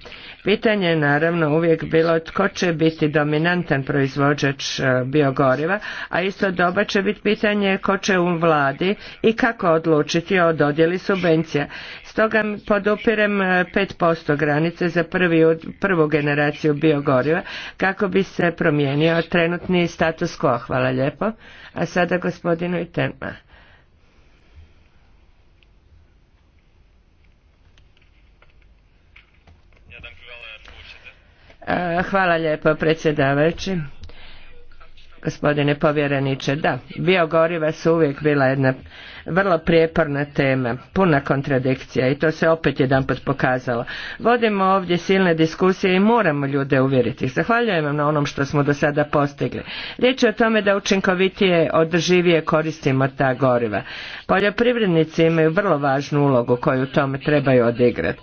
Pitanje je naravno uvijek bilo tko će biti dominantan proizvođač e, biogoriva, a isto doba će biti pitanje ko će u vladi i kako odlučiti o dodjeli subvencija. Stoga podupirem 5% e, granice za prvi, prvu generaciju biogoriva kako bi se promijenio trenutni status quo. Hvala lijepo. A sada gospodinu tema. E, hvala lijepo predsjedavajući. Gospodine povjereniče, da, biogoriva su uvijek bila jedna vrlo prijeporna tema, puna kontradikcija i to se opet jedanput pokazalo. Vodimo ovdje silne diskusije i moramo ljude uvjeriti. Zahvaljujem vam na onom što smo do sada postigli. Riječ je o tome da učinkovitije, održivije koristimo ta goriva. Poljoprivrednici imaju vrlo važnu ulogu koju tome trebaju odigrati.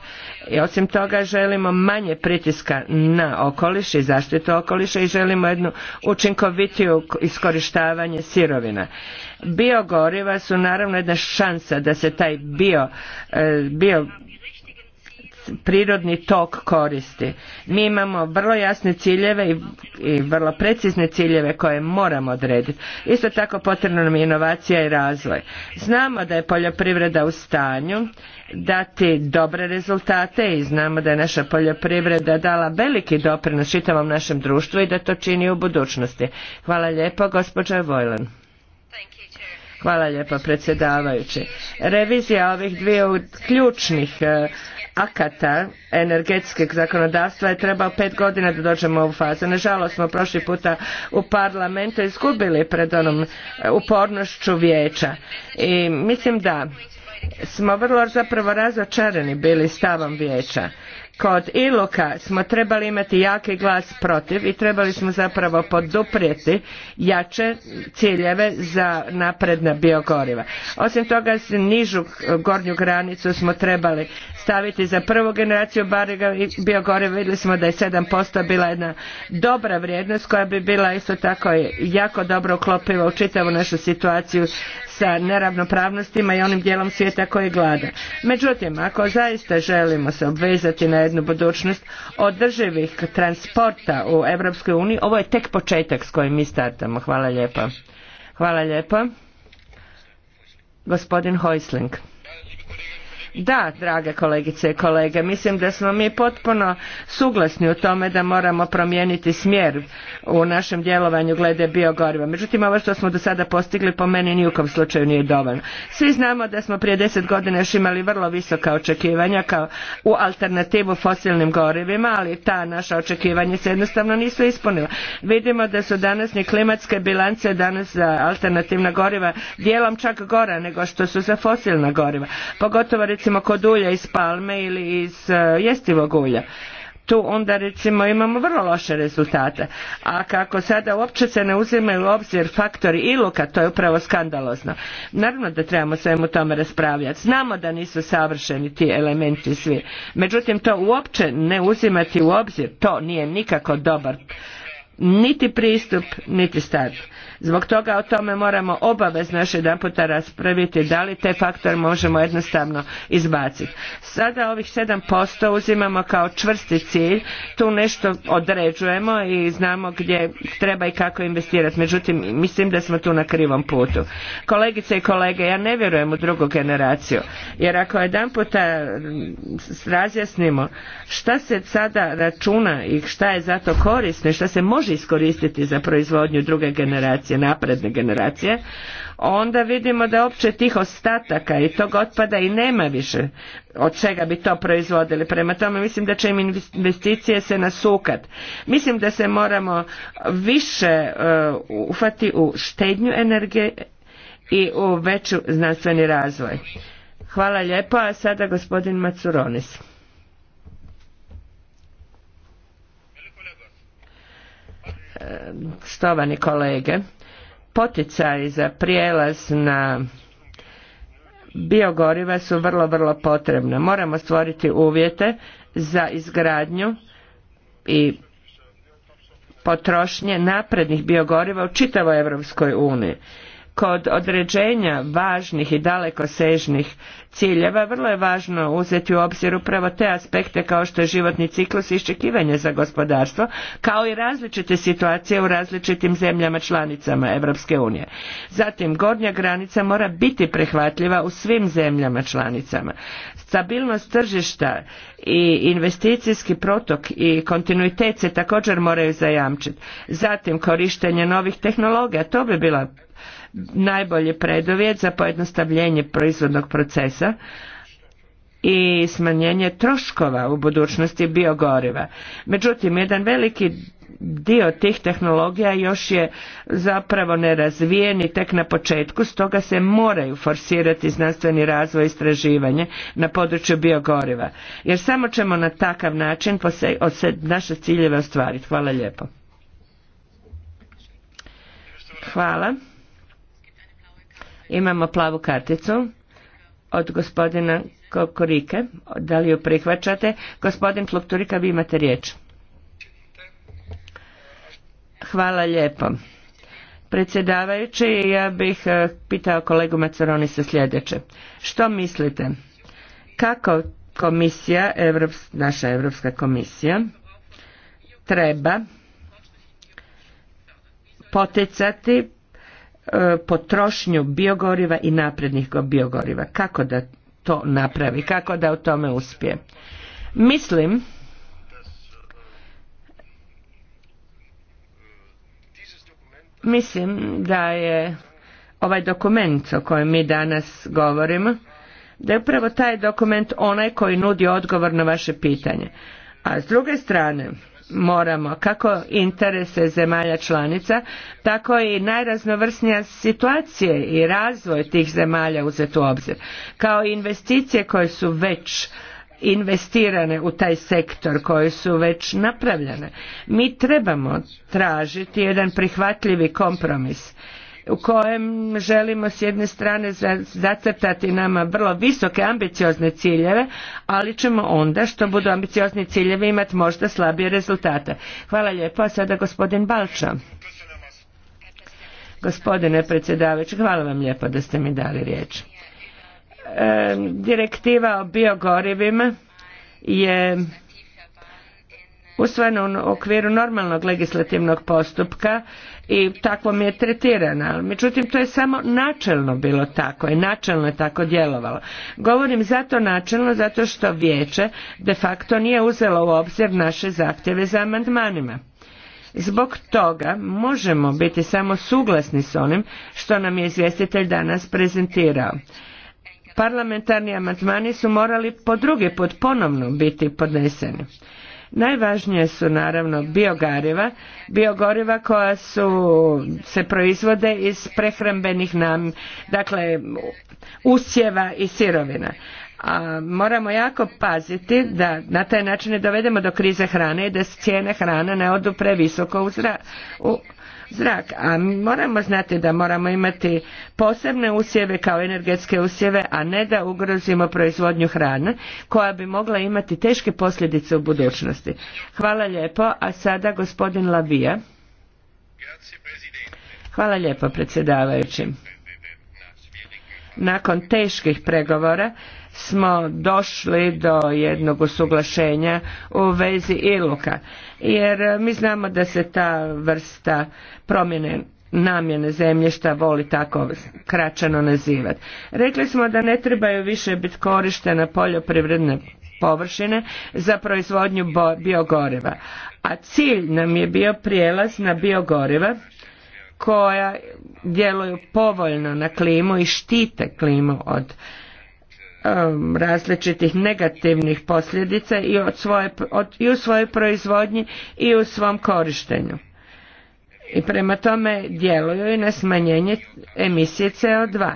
I osim toga želimo manje pritiska na okoliš i zaštitu okoliša i želimo jednu učinkovitiju iskorištavanje sirovina. Biogoriva su naravno naravno jedna šansa da se taj bio, e, bio prirodni tok koristi. Mi imamo vrlo jasne ciljeve i, vrlo precizne ciljeve koje moramo odrediti. Isto tako potrebna nam je inovacija i razvoj. Znamo da je poljoprivreda u stanju dati dobre rezultate i znamo da je naša poljoprivreda dala veliki doprinos čitavom našem društvu i da to čini u budućnosti. Hvala lijepo, gospođa Vojlan. Hvala lijepa predsjedavajući. Revizija ovih dvije ključnih e, akata energetskog zakonodavstva je trebao pet godina da dođemo u fazu. Nažalost smo prošli puta u parlamentu izgubili pred onom e, upornošću vijeća. I mislim da smo vrlo zapravo razočarani bili stavom vijeća kod iloka smo trebali imati jaki glas protiv i trebali smo zapravo poduprijeti jače ciljeve za napredna biogoriva. Osim toga nižu gornju granicu smo trebali staviti za prvu generaciju biogoriva. Vidjeli smo da je 7% bila jedna dobra vrijednost koja bi bila isto tako jako dobro uklopiva u čitavu našu situaciju sa neravnopravnostima i onim dijelom svijeta koji glada. Međutim, ako zaista želimo se obvezati na jednu budućnost održivih transporta u Europskoj uniji, ovo je tek početak s kojim mi startamo. Hvala lijepo. Hvala lijepo. Gospodin Hojsling. Da, drage kolegice i kolege, mislim da smo mi potpuno suglasni u tome da moramo promijeniti smjer u našem djelovanju glede biogoriva. Međutim, ovo što smo do sada postigli po meni ni u slučaju nije dovoljno. Svi znamo da smo prije deset godina još imali vrlo visoka očekivanja kao u alternativu fosilnim gorivima, ali ta naša očekivanja se jednostavno nisu ispunila. Vidimo da su danas klimatske bilance danas za alternativna goriva dijelom čak gora nego što su za fosilna goriva. Pogotovo recimo recimo kod ulja iz palme ili iz e, jestivog ulja tu onda recimo imamo vrlo loše rezultate. A kako sada uopće se ne uzimaju u obzir faktori iluka, to je upravo skandalozno. Naravno da trebamo svemu tome raspravljati. Znamo da nisu savršeni ti elementi svi. Međutim, to uopće ne uzimati u obzir, to nije nikako dobar niti pristup, niti stav Zbog toga o tome moramo obavezno još jedan raspraviti da li te faktore možemo jednostavno izbaciti. Sada ovih 7% uzimamo kao čvrsti cilj, tu nešto određujemo i znamo gdje treba i kako investirati. Međutim, mislim da smo tu na krivom putu. Kolegice i kolege, ja ne vjerujem u drugu generaciju, jer ako jedanputa razjasnimo šta se sada računa i šta je zato korisno i šta se može iskoristiti za proizvodnju druge generacije, generacije, napredne generacije, onda vidimo da opće tih ostataka i tog otpada i nema više od čega bi to proizvodili. Prema tome mislim da će im investicije se nasukat. Mislim da se moramo više uh, ufati u štednju energije i u veću znanstveni razvoj. Hvala lijepo, a sada gospodin Macuronis. Štovani kolege, poticaji za prijelaz na biogoriva su vrlo, vrlo potrebna. Moramo stvoriti uvjete za izgradnju i potrošnje naprednih biogoriva u čitavoj Europskoj uniji kod određenja važnih i dalekosežnih ciljeva vrlo je važno uzeti u obzir upravo te aspekte kao što je životni ciklus i iščekivanje za gospodarstvo, kao i različite situacije u različitim zemljama članicama Europske unije. Zatim, gornja granica mora biti prihvatljiva u svim zemljama članicama. Stabilnost tržišta i investicijski protok i kontinuitet se također moraju zajamčiti. Zatim, korištenje novih tehnologija, to bi bila najbolji preduvjet za pojednostavljenje proizvodnog procesa i smanjenje troškova u budućnosti biogoriva. Međutim, jedan veliki dio tih tehnologija još je zapravo nerazvijen i tek na početku, stoga se moraju forsirati znanstveni razvoj i istraživanje na području biogoriva. Jer samo ćemo na takav način naše ciljeve ostvariti. Hvala lijepo. Hvala. Imamo plavu karticu od gospodina Kokorike. Da li ju prihvaćate? Gospodin Flukturika, vi imate riječ. Hvala lijepo. Predsjedavajući, ja bih e, pitao kolegu Macaroni sa sljedeće. Što mislite? Kako komisija, Evrops, naša Europska komisija, treba poticati E, potrošnju biogoriva i naprednih biogoriva. Kako da to napravi, kako da u tome uspije. Mislim mislim da je ovaj dokument o kojem mi danas govorimo da je upravo taj dokument onaj koji nudi odgovor na vaše pitanje. A s druge strane, moramo kako interese zemalja članica tako i najraznovrsnija situacije i razvoj tih zemalja uzeti u obzir kao i investicije koje su već investirane u taj sektor koje su već napravljene mi trebamo tražiti jedan prihvatljivi kompromis u kojem želimo s jedne strane zacrtati nama vrlo visoke ambiciozne ciljeve, ali ćemo onda što budu ambiciozni ciljevi imati možda slabije rezultate. Hvala lijepo, a sada gospodin Balča. Gospodine predsjedavajući, hvala vam lijepo da ste mi dali riječ. E, direktiva o biogorivima je usvojena u okviru normalnog legislativnog postupka i tako mi je tretirana. Međutim, to je samo načelno bilo tako i načelno je tako djelovalo. Govorim zato načelno, zato što vijeće de facto nije uzelo u obzir naše zahtjeve za amandmanima. Zbog toga možemo biti samo suglasni s onim što nam je izvjestitelj danas prezentirao. Parlamentarni amandmani su morali po drugi put ponovno biti podneseni. Najvažnije su naravno biogariva, biogoriva koja su, se proizvode iz prehrambenih nam, dakle usjeva i sirovina. A moramo jako paziti da na taj način ne dovedemo do krize hrane i da cijene hrane ne odu previsoko u, u zrak. A moramo znati da moramo imati posebne usjeve kao energetske usjeve, a ne da ugrozimo proizvodnju hrane koja bi mogla imati teške posljedice u budućnosti. Hvala lijepo, a sada gospodin Lavija. Hvala lijepo predsjedavajući. Nakon teških pregovora smo došli do jednog usuglašenja u vezi iluka. Jer mi znamo da se ta vrsta promjene namjene zemljišta voli tako kraćano nazivati. Rekli smo da ne trebaju više biti korištena poljoprivredne površine za proizvodnju biogoriva. A cilj nam je bio prijelaz na biogoriva koja djeluju povoljno na klimu i štite klimu od Um, različitih negativnih posljedica i, u svojoj proizvodnji i u svom korištenju. I prema tome djeluju i na smanjenje emisije CO2.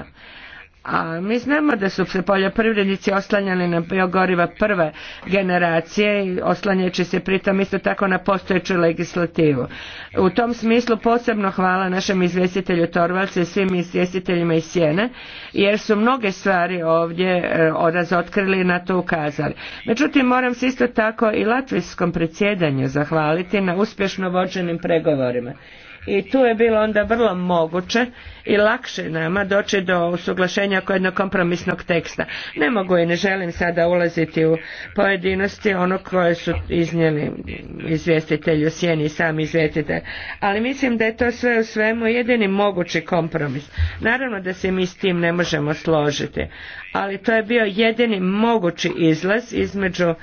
A mi znamo da su se poljoprivrednici oslanjali na biogoriva prve generacije i oslanjajući se pritom isto tako na postojeću legislativu. U tom smislu posebno hvala našem izvjestitelju Torvalcu i svim izvjestiteljima iz Sjene jer su mnoge stvari ovdje razotkrili e, i na to ukazali. Međutim, moram se isto tako i latvijskom predsjedanju zahvaliti na uspješno vođenim pregovorima i tu je bilo onda vrlo moguće i lakše nama doći do usuglašenja oko jednog kompromisnog teksta. Ne mogu i ne želim sada ulaziti u pojedinosti ono koje su iznijeli izvjestitelju Sjeni i sam izvjestitelj, ali mislim da je to sve u svemu jedini mogući kompromis. Naravno da se mi s tim ne možemo složiti, ali to je bio jedini mogući izlaz između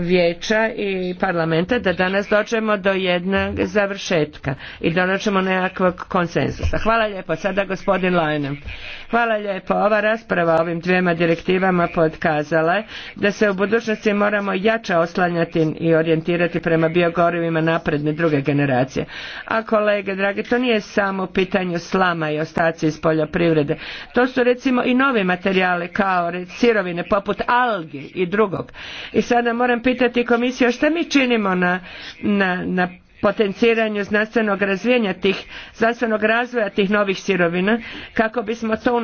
vijeća i parlamenta da danas dođemo do jednog završetka i donoćemo nekakvog konsenzusa. Hvala lijepo. Sada gospodin Lajnem. Hvala lijepo. Ova rasprava ovim dvijema direktivama podkazala je da se u budućnosti moramo jače oslanjati i orijentirati prema biogorivima napredne druge generacije. A kolege, dragi, to nije samo pitanje slama i ostaci iz poljoprivrede. To su recimo i novi materijali kao sirovine poput algi i drugog. I sada moram pitati komisiju šta mi činimo na, na, na potenciranju znanstvenog razvijanja tih, znanstvenog razvoja tih novih sirovina kako bismo to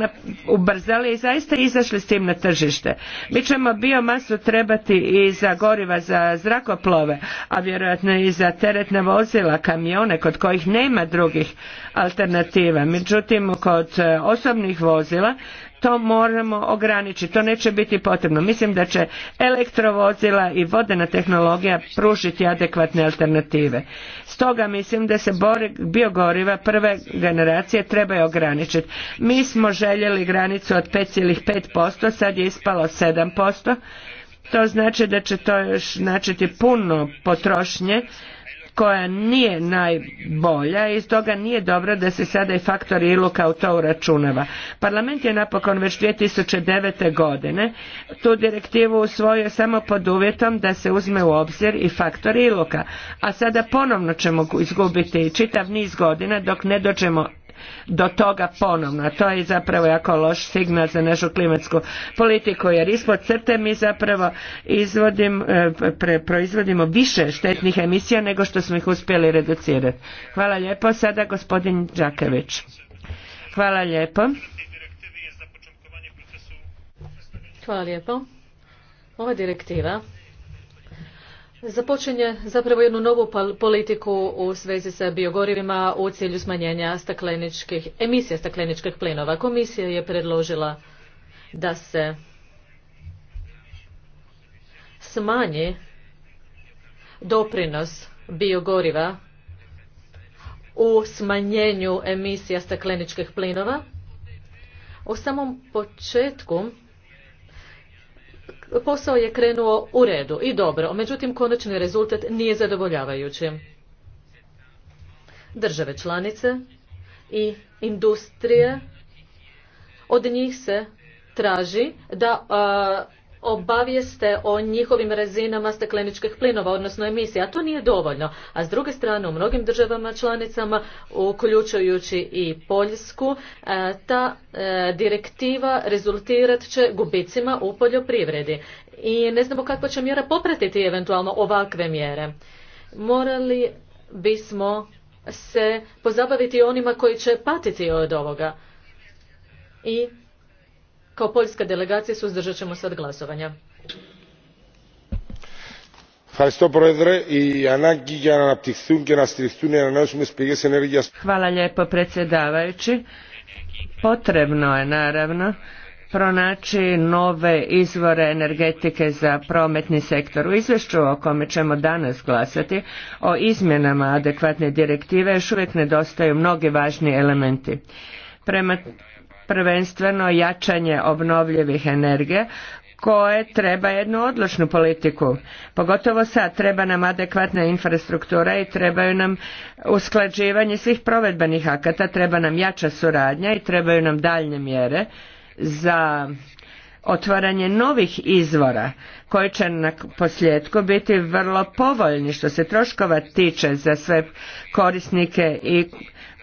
ubrzali i zaista izašli s tim na tržište. Mi ćemo biomasu trebati i za goriva za zrakoplove, a vjerojatno i za teretna vozila, kamione kod kojih nema drugih alternativa. Međutim, kod e, osobnih vozila to moramo ograničiti, to neće biti potrebno. Mislim da će elektrovozila i vodena tehnologija pružiti adekvatne alternative. Stoga mislim da se biogoriva prve generacije trebaju ograničiti. Mi smo željeli granicu od 5,5%, sad je ispalo 7%. To znači da će to još značiti puno potrošnje koja nije najbolja i stoga nije dobro da se sada i faktor iluka u to uračunava. Parlament je napokon već 2009. godine tu direktivu usvojio samo pod uvjetom da se uzme u obzir i faktor iluka, a sada ponovno ćemo izgubiti čitav niz godina dok ne dođemo do toga ponovno. A to je zapravo jako loš signal za našu klimatsku politiku jer ispod crte mi zapravo izvodim, e, proizvodimo više štetnih emisija nego što smo ih uspjeli reducirati. Hvala lijepo. Sada gospodin Đakević. Hvala lijepo. Hvala lijepo. Ova direktiva započinje zapravo jednu novu politiku u svezi sa biogorivima u cilju smanjenja stakleničkih emisija stakleničkih plinova. Komisija je predložila da se smanji doprinos biogoriva u smanjenju emisija stakleničkih plinova. U samom početku posao je krenuo u redu i dobro, međutim konačni rezultat nije zadovoljavajući. Države članice i industrije, od njih se traži da obavijeste o njihovim razinama stakleničkih plinova, odnosno emisija. A to nije dovoljno. A s druge strane, u mnogim državama članicama, uključujući i Poljsku, e, ta e, direktiva rezultirat će gubicima u poljoprivredi. I ne znamo kakva će mjera popratiti eventualno ovakve mjere. Morali bismo se pozabaviti onima koji će patiti od ovoga. I kao poljska delegacija suzdržat ćemo se od glasovanja. Hvala lijepo predsjedavajući. Potrebno je naravno pronaći nove izvore energetike za prometni sektor. U izvješću o kome ćemo danas glasati o izmjenama adekvatne direktive još uvijek nedostaju mnogi važni elementi. Prema prvenstveno jačanje obnovljivih energije koje treba jednu odločnu politiku. Pogotovo sad treba nam adekvatna infrastruktura i trebaju nam usklađivanje svih provedbenih akata, treba nam jača suradnja i trebaju nam daljnje mjere za otvaranje novih izvora koji će na posljedku biti vrlo povoljni što se troškova tiče za sve korisnike i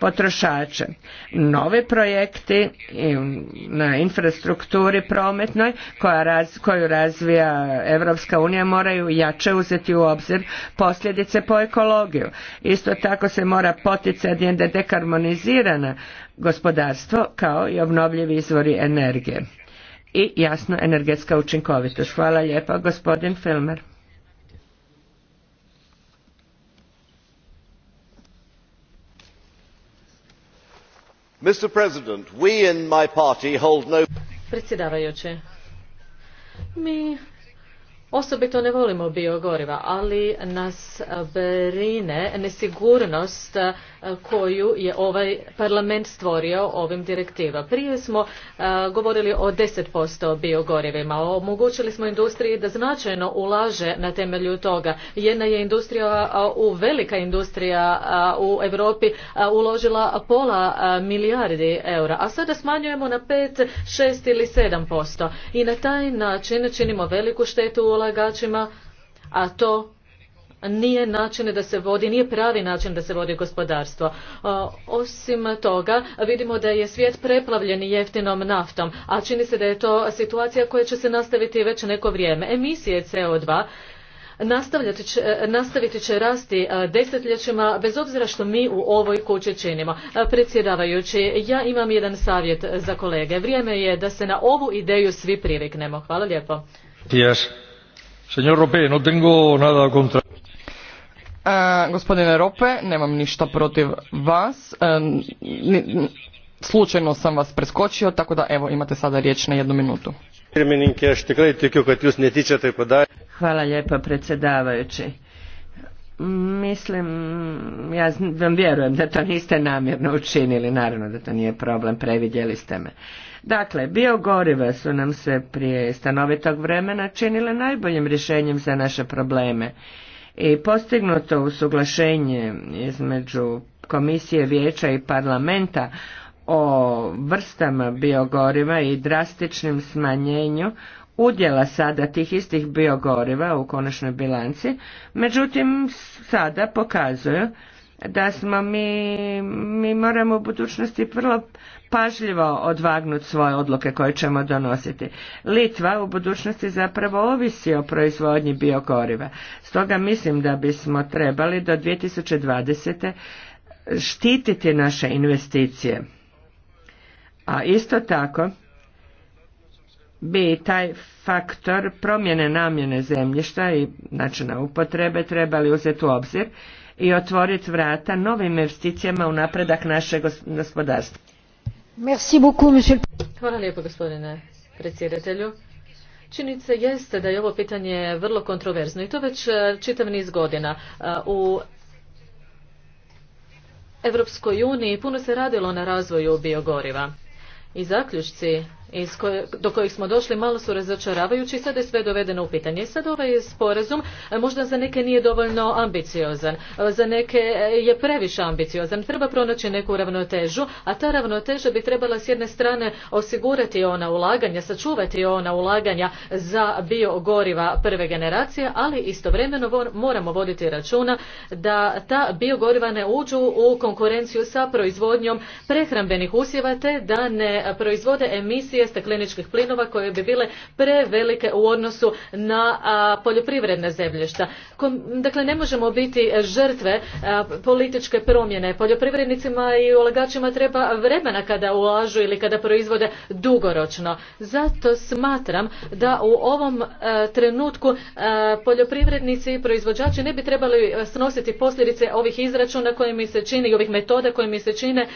potrošače. Novi projekti na infrastrukturi prometnoj koja raz, koju razvija Europska unija moraju jače uzeti u obzir posljedice po ekologiju. Isto tako se mora poticati da dekarmonizirana gospodarstvo kao i obnovljivi izvori energije i jasno energetska učinkovitost. Hvala lijepa gospodin Filmer. Mr. President, we in my party hold no... Predsjedavajući, mi osobito ne volimo bio biogoriva, ali nas brine nesigurnost koju je ovaj parlament stvorio ovim direktiva. Prije smo e, govorili o 10% biogorivima. Omogućili smo industriji da značajno ulaže na temelju toga. Jedna je industrija, u velika industrija u Europi uložila pola milijardi eura, a sada smanjujemo na 5, 6 ili 7%. I na taj način činimo veliku štetu ulagačima, a to nije način da se vodi, nije pravi način da se vodi gospodarstvo. Osim toga, vidimo da je svijet preplavljen jeftinom naftom, a čini se da je to situacija koja će se nastaviti već neko vrijeme. Emisije CO2 nastaviti će rasti desetljećima bez obzira što mi u ovoj kući činimo. Predsjedavajući, ja imam jedan savjet za kolege. Vrijeme je da se na ovu ideju svi priviknemo. Hvala lijepo. Yes. Señor a, e, gospodine Rope, nemam ništa protiv vas. E, slučajno sam vas preskočio, tako da evo imate sada riječ na jednu minutu. Hvala lijepa predsjedavajući. Mislim, ja vam vjerujem da to niste namjerno učinili, naravno da to nije problem, previdjeli ste me. Dakle, biogoriva su nam se prije stanovitog vremena činile najboljim rješenjem za naše probleme i postignuto usuglašenje između Komisije vijeća i parlamenta o vrstama biogoriva i drastičnim smanjenju udjela sada tih istih biogoriva u konačnoj bilanci, međutim sada pokazuju da smo mi, mi moramo u budućnosti vrlo pažljivo odvagnuti svoje odluke koje ćemo donositi. Litva u budućnosti zapravo ovisi o proizvodnji biogoriva. Stoga mislim da bismo trebali do 2020. štititi naše investicije. A isto tako bi taj faktor promjene namjene zemljišta i načina upotrebe trebali uzeti u obzir i otvoriti vrata novim investicijama u napredak našeg gospodarstva. Merci beaucoup, monsieur. Hvala lijepo gospodine predsjedatelju. Činjenica jeste da je ovo pitanje vrlo kontroverzno i to već e, čitav niz godina. E, u Europskoj uniji puno se radilo na razvoju biogoriva. I zaključci do kojih smo došli malo su razočaravajući sada je sve dovedeno u pitanje. Sad ovaj sporazum e, možda za neke nije dovoljno ambiciozan, e, za neke e, je previše ambiciozan. Treba pronaći neku ravnotežu, a ta ravnoteža bi trebala s jedne strane osigurati ona ulaganja, sačuvati ona ulaganja za biogoriva prve generacije, ali istovremeno moramo voditi računa da ta biogoriva ne uđu u konkurenciju sa proizvodnjom prehrambenih usjeva te da ne proizvode emisije emisije stakleničkih plinova koje bi bile prevelike u odnosu na poljoprivredne zemljišta. Dakle, ne možemo biti žrtve političke promjene. Poljoprivrednicima i ulagačima treba vremena kada ulažu ili kada proizvode dugoročno. Zato smatram da u ovom trenutku poljoprivrednici i proizvođači ne bi trebali snositi posljedice ovih izračuna koje mi se čini i ovih metoda koje mi se čine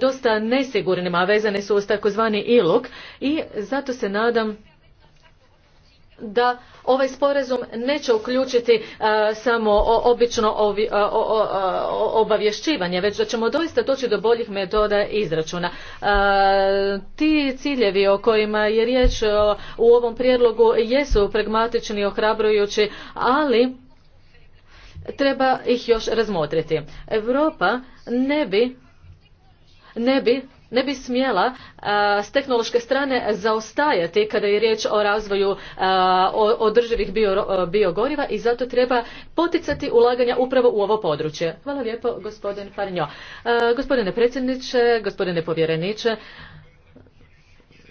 dosta nesigurnima, a vezane su uz takozvani iluk i zato se nadam da ovaj sporazum neće uključiti e, samo obično e, e, obavješćivanje već da ćemo doista doći do boljih metoda izračuna. ti ciljevi o kojima je riječ u ovom prijedlogu jesu pragmatični i ohrabrujući ali treba ih još razmotriti. europa ne bi ne bi ne bi smjela s tehnološke strane zaostajati kada je riječ o razvoju održivih biogoriva i zato treba poticati ulaganja upravo u ovo područje. Hvala lijepo gospodin Farnjo. Gospodine predsjedniče, gospodine povjereniče,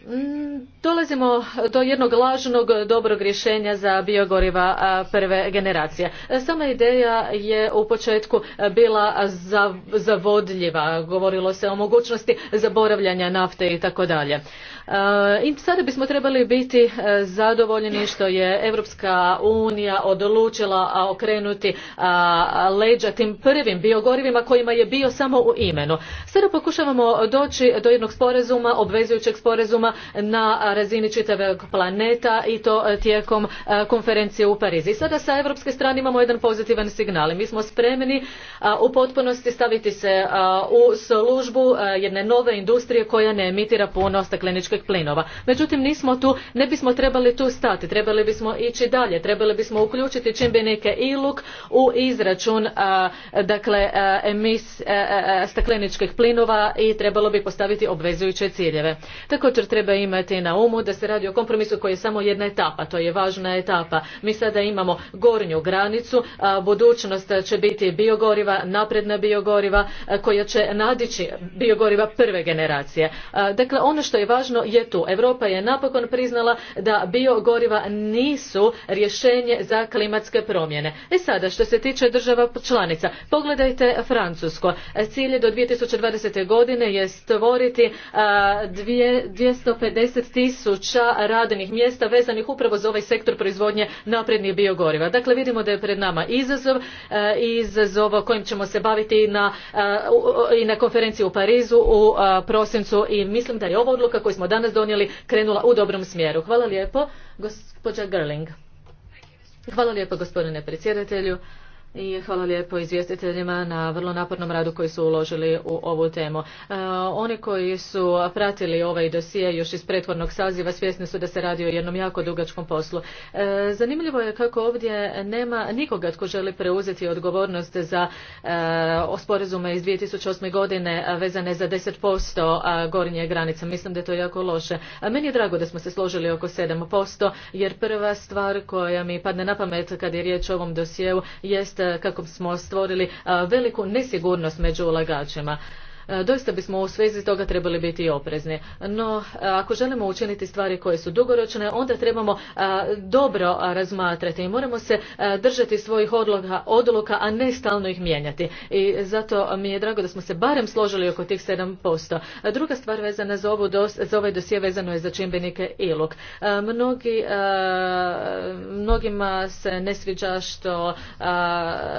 Mm, dolazimo do jednog lažnog dobrog rješenja za biogoriva prve generacije. Sama ideja je u početku bila zavodljiva, govorilo se o mogućnosti zaboravljanja nafte i tako dalje. E, I sada bismo trebali biti e, zadovoljni što je Europska unija odlučila okrenuti leđa tim prvim biogorivima kojima je bio samo u imenu. Sada pokušavamo doći do jednog sporazuma, obvezujućeg sporazuma na razini čitavog planeta i to e, tijekom konferencije u Parizu. I sada sa europske strane imamo jedan pozitivan signal. Mi smo spremni u potpunosti staviti se u službu jedne nove industrije koja ne emitira puno stakleničkih stakleničkih plinova. Međutim, nismo tu, ne bismo trebali tu stati, trebali bismo ići dalje, trebali bismo uključiti čimbenike iluk u izračun dakle emis stakleničkih plinova i trebalo bi postaviti obvezujuće ciljeve. Također treba imati na umu da se radi o kompromisu koji je samo jedna etapa, to je važna etapa. Mi sada imamo gornju granicu, budućnost će biti biogoriva, napredna biogoriva koja će nadići biogoriva prve generacije. Dakle, ono što je važno je tu. Europa je napokon priznala da biogoriva nisu rješenje za klimatske promjene. E sada, što se tiče država članica, pogledajte Francusko. Cilj je do 2020. godine je stvoriti a, dvije, 250 tisuća radnih mjesta vezanih upravo za ovaj sektor proizvodnje naprednih biogoriva. Dakle, vidimo da je pred nama izazov, a, izazov kojim ćemo se baviti i na konferenciji u Parizu u prosincu i mislim da je ova odluka koju smo danas donijeli krenula u dobrom smjeru. Hvala lijepo, gospođa Gerling. Hvala lijepo gospodine predsjedatelju. I hvala lijepo izvjestiteljima na vrlo napornom radu koji su uložili u ovu temu. E, oni koji su pratili ovaj dosije još iz prethodnog saziva svjesni su da se radi o jednom jako dugačkom poslu. E, zanimljivo je kako ovdje nema nikoga tko želi preuzeti odgovornost za e, sporazume iz 2008. godine vezane za 10% gornje granice. Mislim da je to jako loše. A meni je drago da smo se složili oko 7% jer prva stvar koja mi padne na pamet kad je riječ o ovom dosjeu jeste kako smo stvorili veliku nesigurnost među ulagačima. E, doista bismo u svezi toga trebali biti oprezni. No, e, ako želimo učiniti stvari koje su dugoročne, onda trebamo e, dobro razmatrati i moramo se držati svojih odluka, a ne stalno ih mijenjati. I zato mi je drago da smo se barem složili oko tih 7%. Druga stvar vezana za, ovu za ovaj dosje vezano je za čimbenike ilog. Mnogi, mnogima se ne sviđa što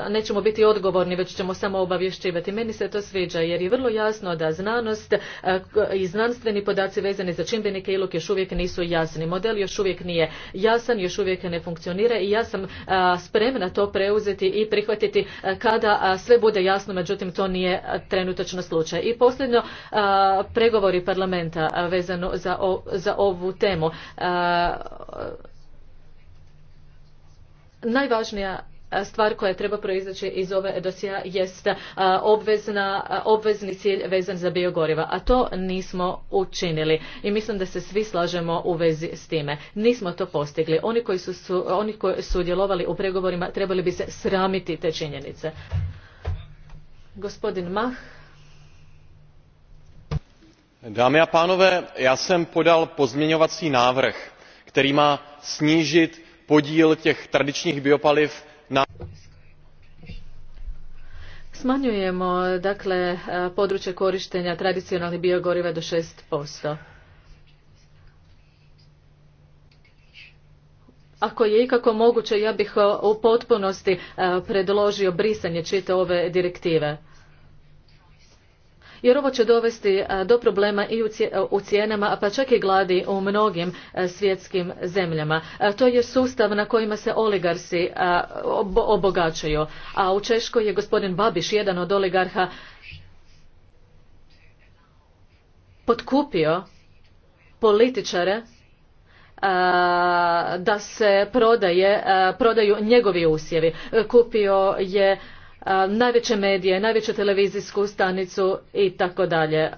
nećemo biti odgovorni, već ćemo samo obavješćivati. Meni se to sviđa jer je vrlo jasno da znanost e, i znanstveni podaci vezani za čimbenike ilog još uvijek nisu jasni. Model još uvijek nije jasan, još uvijek ne funkcionira i ja sam e, spremna to preuzeti i prihvatiti e, kada sve bude jasno, međutim to nije trenutačno slučaj. I posljedno, pregovori parlamenta vezano za, za ovu temu. Najvažnija stvar koja treba proizaći iz ove dosija jest obvezna, obvezni cilj vezan za biogoriva, a to nismo učinili i mislim da se svi slažemo u vezi s time. Nismo to postigli. Oni koji su, su oni koji su djelovali u pregovorima trebali bi se sramiti te činjenice. Gospodin Mah. Dámy a pánové, já jsem podal pozměňovací návrh, který má snížit podíl těch tradičních biopaliv Smanjujemo dakle e, područje korištenja tradicionalnih biogoriva do posto Ako je ikako moguće, ja bih e, u potpunosti e, predložio brisanje čite ove direktive jer ovo će dovesti e, do problema i u cijenama, pa čak i gladi u mnogim e, svjetskim zemljama. E, to je sustav na kojima se oligarsi obogaćuju, a u Češkoj je gospodin Babiš, jedan od oligarha, potkupio političare da se prodaje, prodaju njegovi usjevi. Kupio je najveće medije, najveću televizijsku stanicu i tako dalje.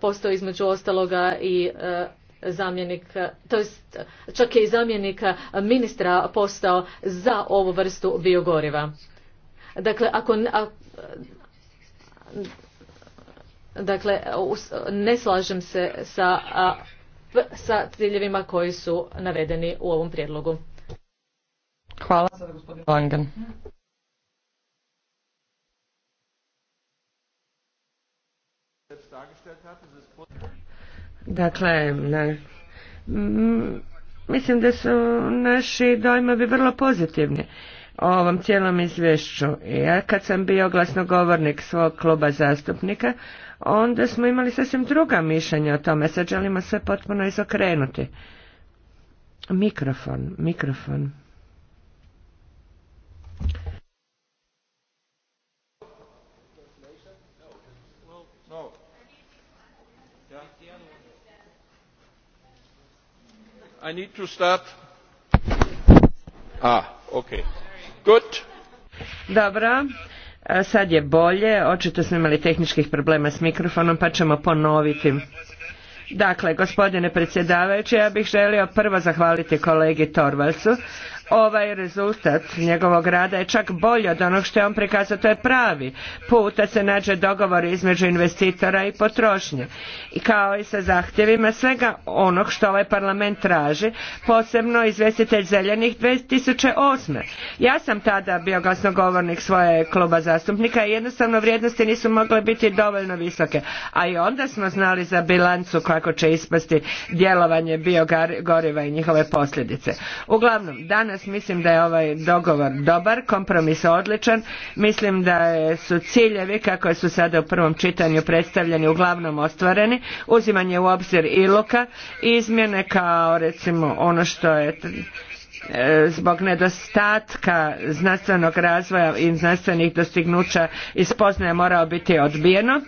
Postoji između ostaloga i e, zamjenik, to jest čak je i zamjenika ministra postao za ovu vrstu biogoriva. Dakle, ako, dakle, ne slažem se sa, sa ciljevima koji su navedeni u ovom prijedlogu. Hvala. Dakle, mislim da su naši dojmovi vrlo pozitivni o ovom cijelom izvješću. Ja kad sam bio glasnogovornik svog kluba zastupnika, onda smo imali sasvim druga mišljenja o tome. Sad želimo sve potpuno izokrenuti. Mikrofon, mikrofon. I ah, Sad je bolje, očito smo imali tehničkih problema s mikrofonom pa ćemo ponoviti. Dakle, gospodine predsjedavajući, ja bih želio prvo zahvaliti kolegi Torvalcu, ovaj rezultat njegovog rada je čak bolji od onog što je on prikazao. To je pravi put da se nađe dogovor između investitora i potrošnje. I kao i sa zahtjevima svega onog što ovaj parlament traži, posebno izvjestitelj zelenih 2008. Ja sam tada bio glasnogovornik svoje kluba zastupnika i jednostavno vrijednosti nisu mogle biti dovoljno visoke. A i onda smo znali za bilancu kako će ispasti djelovanje biogoriva i njihove posljedice. Uglavnom, danas Mislim da je ovaj dogovor dobar, kompromis odličan. Mislim da su ciljevi kako su sada u prvom čitanju predstavljeni uglavnom ostvareni. Uzimanje u obzir iloka, izmjene kao recimo ono što je zbog nedostatka znanstvenog razvoja i znanstvenih dostignuća i spoznaja morao biti odbijeno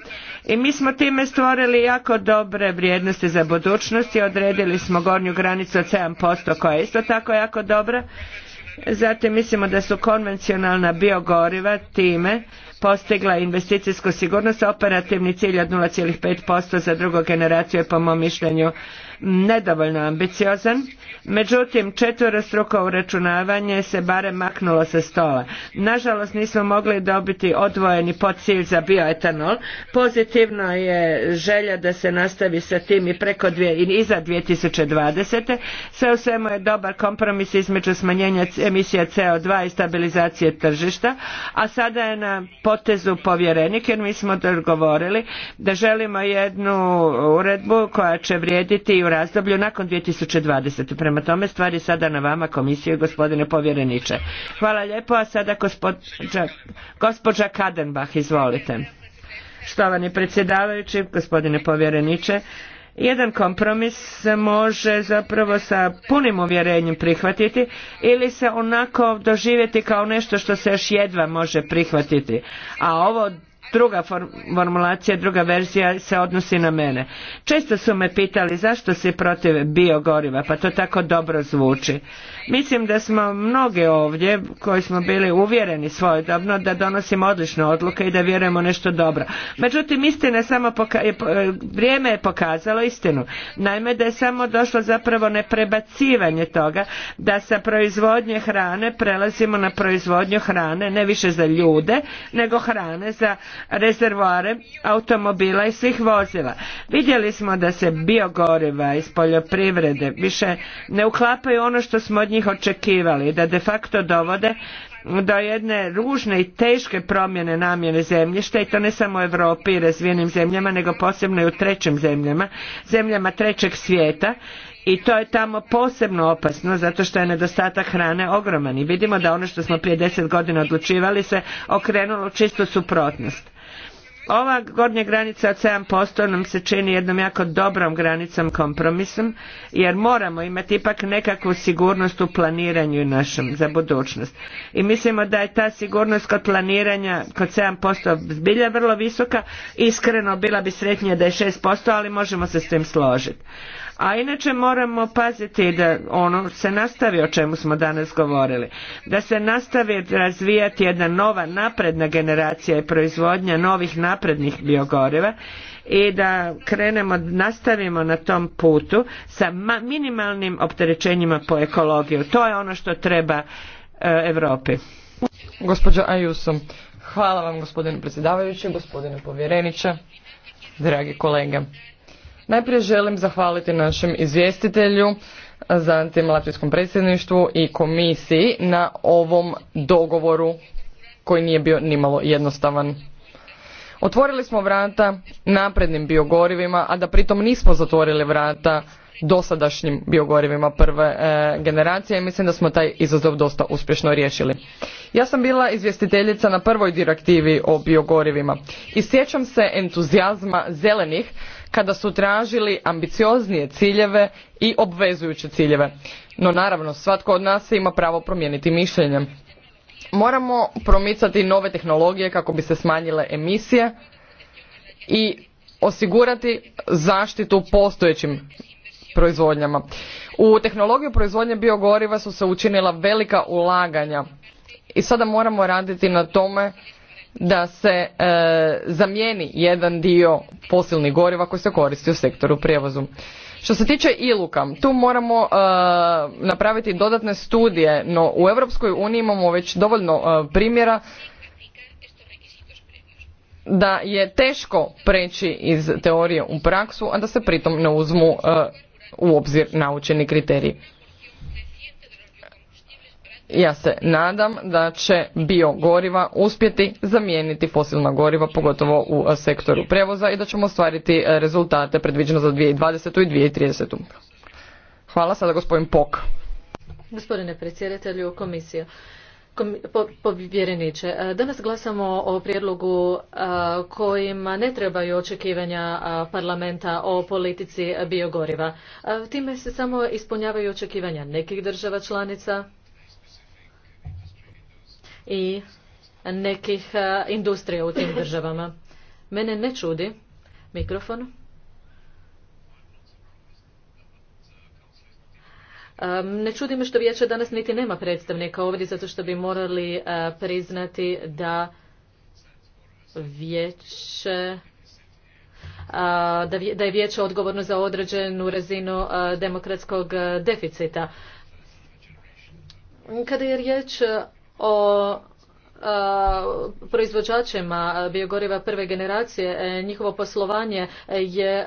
i mi smo time stvorili jako dobre vrijednosti za budućnost i odredili smo gornju granicu od 7% koja je isto tako jako dobra Zatim mislimo da su konvencionalna biogoriva time postigla investicijsku sigurnost, operativni cilj od 0,5% za drugu generaciju je po mom mišljenju nedovoljno ambiciozan, međutim četvorostruko uračunavanje se barem maknulo sa stola. Nažalost nismo mogli dobiti odvojeni podcilj za bioetanol. Pozitivno je želja da se nastavi sa tim i preko dvije, i iza 2020. Sve u svemu je dobar kompromis između smanjenja emisija CO2 i stabilizacije tržišta, a sada je na potezu povjerenik jer mi smo dogovorili da želimo jednu uredbu koja će vrijediti u razdoblju nakon 2020. Prema tome stvar je sada na vama komisije gospodine povjereniče. Hvala lijepo, a sada gospođa, gospođa Kadenbach, izvolite. Štovani predsjedavajući, gospodine povjereniče, jedan kompromis se može zapravo sa punim uvjerenjem prihvatiti ili se onako doživjeti kao nešto što se još jedva može prihvatiti. A ovo druga formulacija, druga verzija se odnosi na mene. Često su me pitali zašto se protiv biogoriva, pa to tako dobro zvuči. Mislim da smo mnoge ovdje koji smo bili uvjereni svojodobno da donosimo odlične odluke i da vjerujemo nešto dobro. Međutim, istina samo e, vrijeme je pokazalo istinu. Naime, da je samo došlo zapravo neprebacivanje toga da sa proizvodnje hrane prelazimo na proizvodnju hrane ne više za ljude, nego hrane za rezervoare automobila i svih vozila. Vidjeli smo da se biogoriva iz poljoprivrede više ne uklapaju ono što smo od njih očekivali, da de facto dovode do jedne ružne i teške promjene namjene zemljišta i to ne samo u Europi i razvijenim zemljama nego posebno i u trećim zemljama, zemljama trećeg svijeta i to je tamo posebno opasno zato što je nedostatak hrane ogroman i vidimo da ono što smo prije deset godina odlučivali se okrenulo u čistu suprotnost. Ova gornja granica od 7% nam se čini jednom jako dobrom granicom kompromisom, jer moramo imati ipak nekakvu sigurnost u planiranju našem za budućnost. I mislimo da je ta sigurnost kod planiranja kod 7% zbilja vrlo visoka, iskreno bila bi sretnija da je 6%, ali možemo se s tim složiti. A inače moramo paziti da ono se nastavi o čemu smo danas govorili. Da se nastavi razvijati jedna nova napredna generacija i proizvodnja novih naprednih biogoriva i da krenemo, nastavimo na tom putu sa minimalnim opterećenjima po ekologiju. To je ono što treba Europi. Gospođa Ajuso, hvala vam gospodine predsjedavajući, gospodine povjereniče, dragi kolege. Najprije želim zahvaliti našem izvjestitelju, zatim Latvijskom predsjedništvu i komisiji na ovom dogovoru koji nije bio nimalo jednostavan. Otvorili smo vrata naprednim biogorivima, a da pritom nismo zatvorili vrata dosadašnjim biogorivima prve e, generacije i mislim da smo taj izazov dosta uspješno riješili. Ja sam bila izvjestiteljica na prvoj direktivi o biogorivima i sjećam se entuzijazma zelenih kada su tražili ambicioznije ciljeve i obvezujuće ciljeve. No naravno, svatko od nas ima pravo promijeniti mišljenje. Moramo promicati nove tehnologije kako bi se smanjile emisije i osigurati zaštitu postojećim proizvodnjama. U tehnologiju proizvodnje biogoriva su se učinila velika ulaganja i sada moramo raditi na tome da se e, zamijeni jedan dio fosilnih goriva koji se koristi u sektoru prijevozu. Što se tiče iluka, tu moramo e, napraviti dodatne studije, no u Europskoj uniji imamo već dovoljno e, primjera da je teško preći iz teorije u praksu, a da se pritom ne uzmu u obzir naučeni kriteriji. Ja se nadam da će biogoriva uspjeti zamijeniti fosilna goriva, pogotovo u e, sektoru prevoza i da ćemo ostvariti e, rezultate predviđene za 2020. i 2030. Hvala sada gospodin Pok. Gospodine predsjedatelju komisije, Povjereniče, e, danas glasamo o prijedlogu kojima ne trebaju očekivanja parlamenta o politici biogoriva. Time se samo ispunjavaju očekivanja nekih država članica, i nekih e, industrija u tim državama. Mene ne čudi mikrofon. E, ne čudi me što vijeće danas niti nema predstavnika ovdje, zato što bi morali e, priznati da vijeće da je vijeće odgovorno za određenu razinu demokratskog deficita. Kada je riječ o proizvođačima biogoriva prve generacije e, njihovo poslovanje je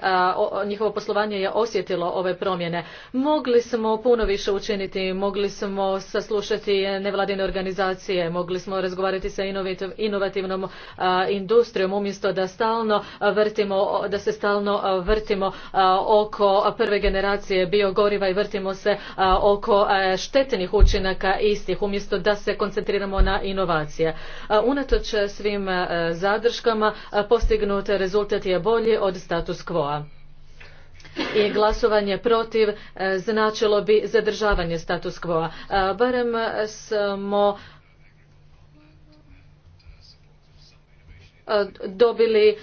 njihovo poslovanje je osjetilo ove promjene mogli smo puno više učiniti mogli smo saslušati nevladine organizacije mogli smo razgovarati sa inovativnom industrijom umjesto da stalno vrtimo da se stalno vrtimo oko prve generacije biogoriva i vrtimo se oko štetnih učinaka istih umjesto da se koncentriramo na inovacije Unatoč svim e, zadrškama postignut rezultat je bolji od status quo i glasovanje protiv e, značilo bi zadržavanje status quo. Barem smo e, dobili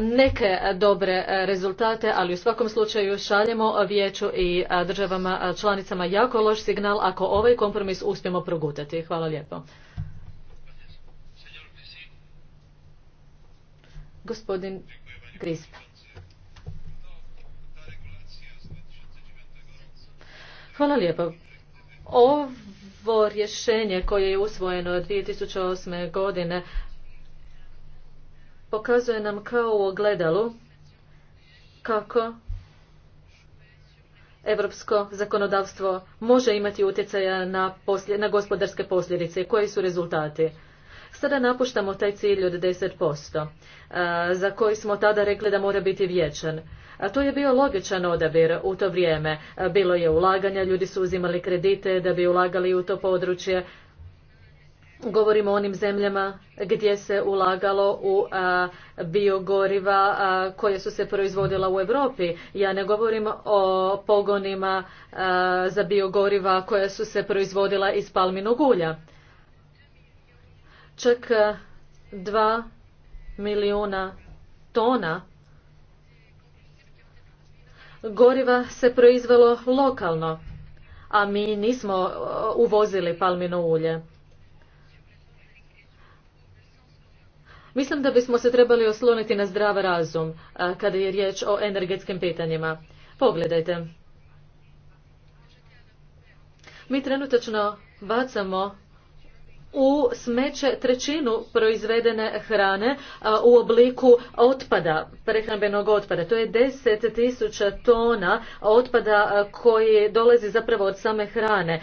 neke dobre rezultate, ali u svakom slučaju šaljemo vijeću i državama članicama jako loš signal ako ovaj kompromis uspijemo progutati. Hvala lijepo. gospodin Grisp. Hvala lijepo. Ovo rješenje koje je usvojeno 2008. godine pokazuje nam kao u ogledalu kako europsko zakonodavstvo može imati utjecaja na, na gospodarske posljedice i koji su rezultati. Sada napuštamo taj cilj od 10%, e, za koji smo tada rekli da mora biti vječan. A to je bio logičan odabir u to vrijeme. E, bilo je ulaganja, ljudi su uzimali kredite da bi ulagali u to područje. Govorimo o onim zemljama gdje se ulagalo u e, biogoriva koja koje su se proizvodila u Europi. Ja ne govorim o pogonima za biogoriva koja su se proizvodila iz palminog ulja čak e, dva milijuna tona goriva se proizvelo lokalno, a mi nismo e, uvozili palmino ulje. Mislim da bismo se trebali osloniti na zdrav razum e, kada je riječ o energetskim pitanjima. Pogledajte. Mi trenutačno bacamo u smeće trećinu proizvedene hrane u obliku otpada, prehrambenog otpada. To je 10.000 tona otpada koji dolazi zapravo od same hrane,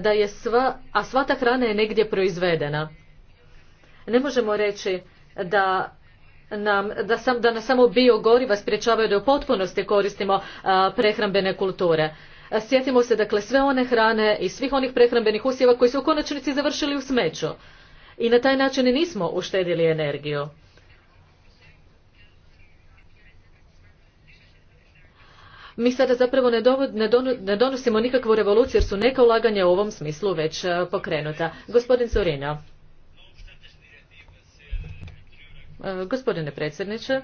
da je sva, a sva ta hrana je negdje proizvedena. Ne možemo reći da nam, da, sam, da nas samo biogoriva sprječavaju da u potpunosti koristimo prehrambene kulture. Sjetimo se dakle sve one hrane i svih onih prehrambenih usjeva koji su u konačnici završili u smeću. I na taj način i nismo uštedili energiju. Mi sada zapravo ne, dovod, ne, donosimo nikakvu revoluciju jer su neka ulaganja u ovom smislu već e, pokrenuta. Gospodin Zorino. E, gospodine predsjedniče,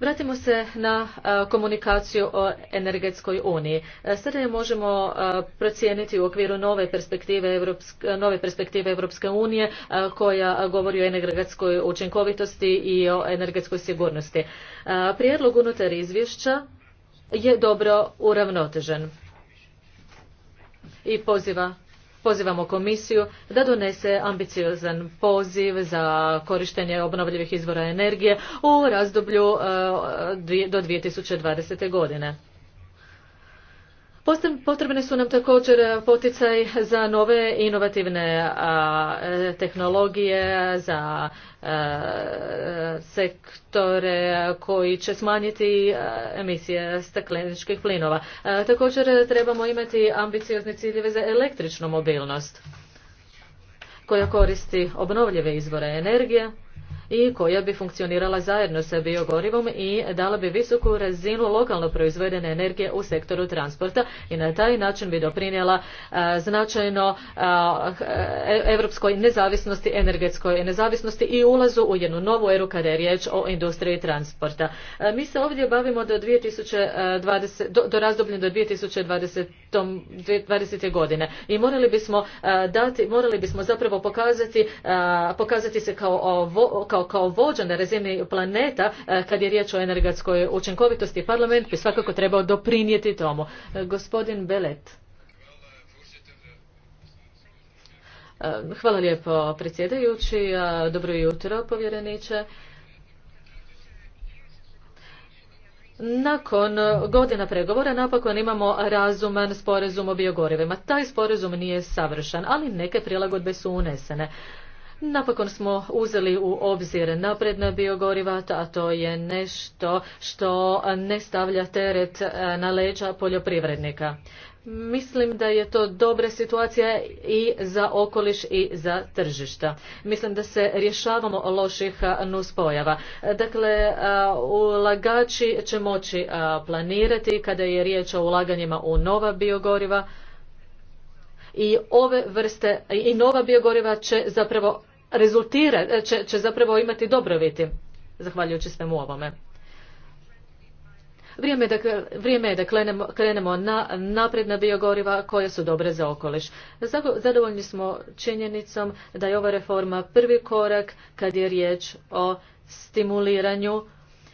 Vratimo se na e, komunikaciju o energetskoj uniji. E, sada je možemo e, procijeniti u okviru nove perspektive Evropske, nove perspektive unije koja govori o energetskoj učinkovitosti i o energetskoj sigurnosti. Prijedlog unutar izvješća je dobro uravnotežen i poziva Pozivamo komisiju da donese ambiciozan poziv za korištenje obnovljivih izvora energije u razdoblju e, do 2020. godine. Potrebni su nam također e, poticaj za nove inovativne e, tehnologije, za e, sektore koji će smanjiti emisije stakleničkih plinova. Također trebamo imati ambiciozne ciljeve za električnu mobilnost koja koristi obnovljive izvore energije i koja bi funkcionirala zajedno sa biogorivom i dala bi visoku razinu lokalno proizvedene energije u sektoru transporta i na taj način bi doprinijela značajno europskoj nezavisnosti, energetskoj nezavisnosti i ulazu u jednu novu eru kada je riječ o industriji transporta. Mi se ovdje bavimo do 2020, do, do razdoblja do 2020, 2020. godine i morali bismo dati, morali bismo zapravo pokazati, pokazati se kao kao vođa na razini planeta e, kad je riječ o energetskoj učinkovitosti parlament bi svakako trebao doprinijeti tomu. E, gospodin Belet. E, hvala lijepo predsjedajući. Dobro jutro povjereniče. Nakon godina pregovora napokon imamo razuman sporazum o biogorivima. Taj sporazum nije savršen, ali neke prilagodbe su unesene. Napokon smo uzeli u obzir napredna biogoriva, a to je nešto što ne stavlja teret e, na leđa poljoprivrednika. Mislim da je to dobra situacija i za okoliš i za tržišta. Mislim da se rješavamo loših nuspojava. Dakle, e, ulagači će moći e, planirati kada je riječ o ulaganjima u nova biogoriva i ove vrste i nova biogoriva će zapravo rezultira, će, će zapravo imati dobrobiti zahvaljujući svemu ovome. Vrijeme je da, vrijeme je da krenemo, krenemo na napredna biogoriva koja su dobre za okoliš. Zadovoljni smo činjenicom da je ova reforma prvi korak kad je riječ o stimuliranju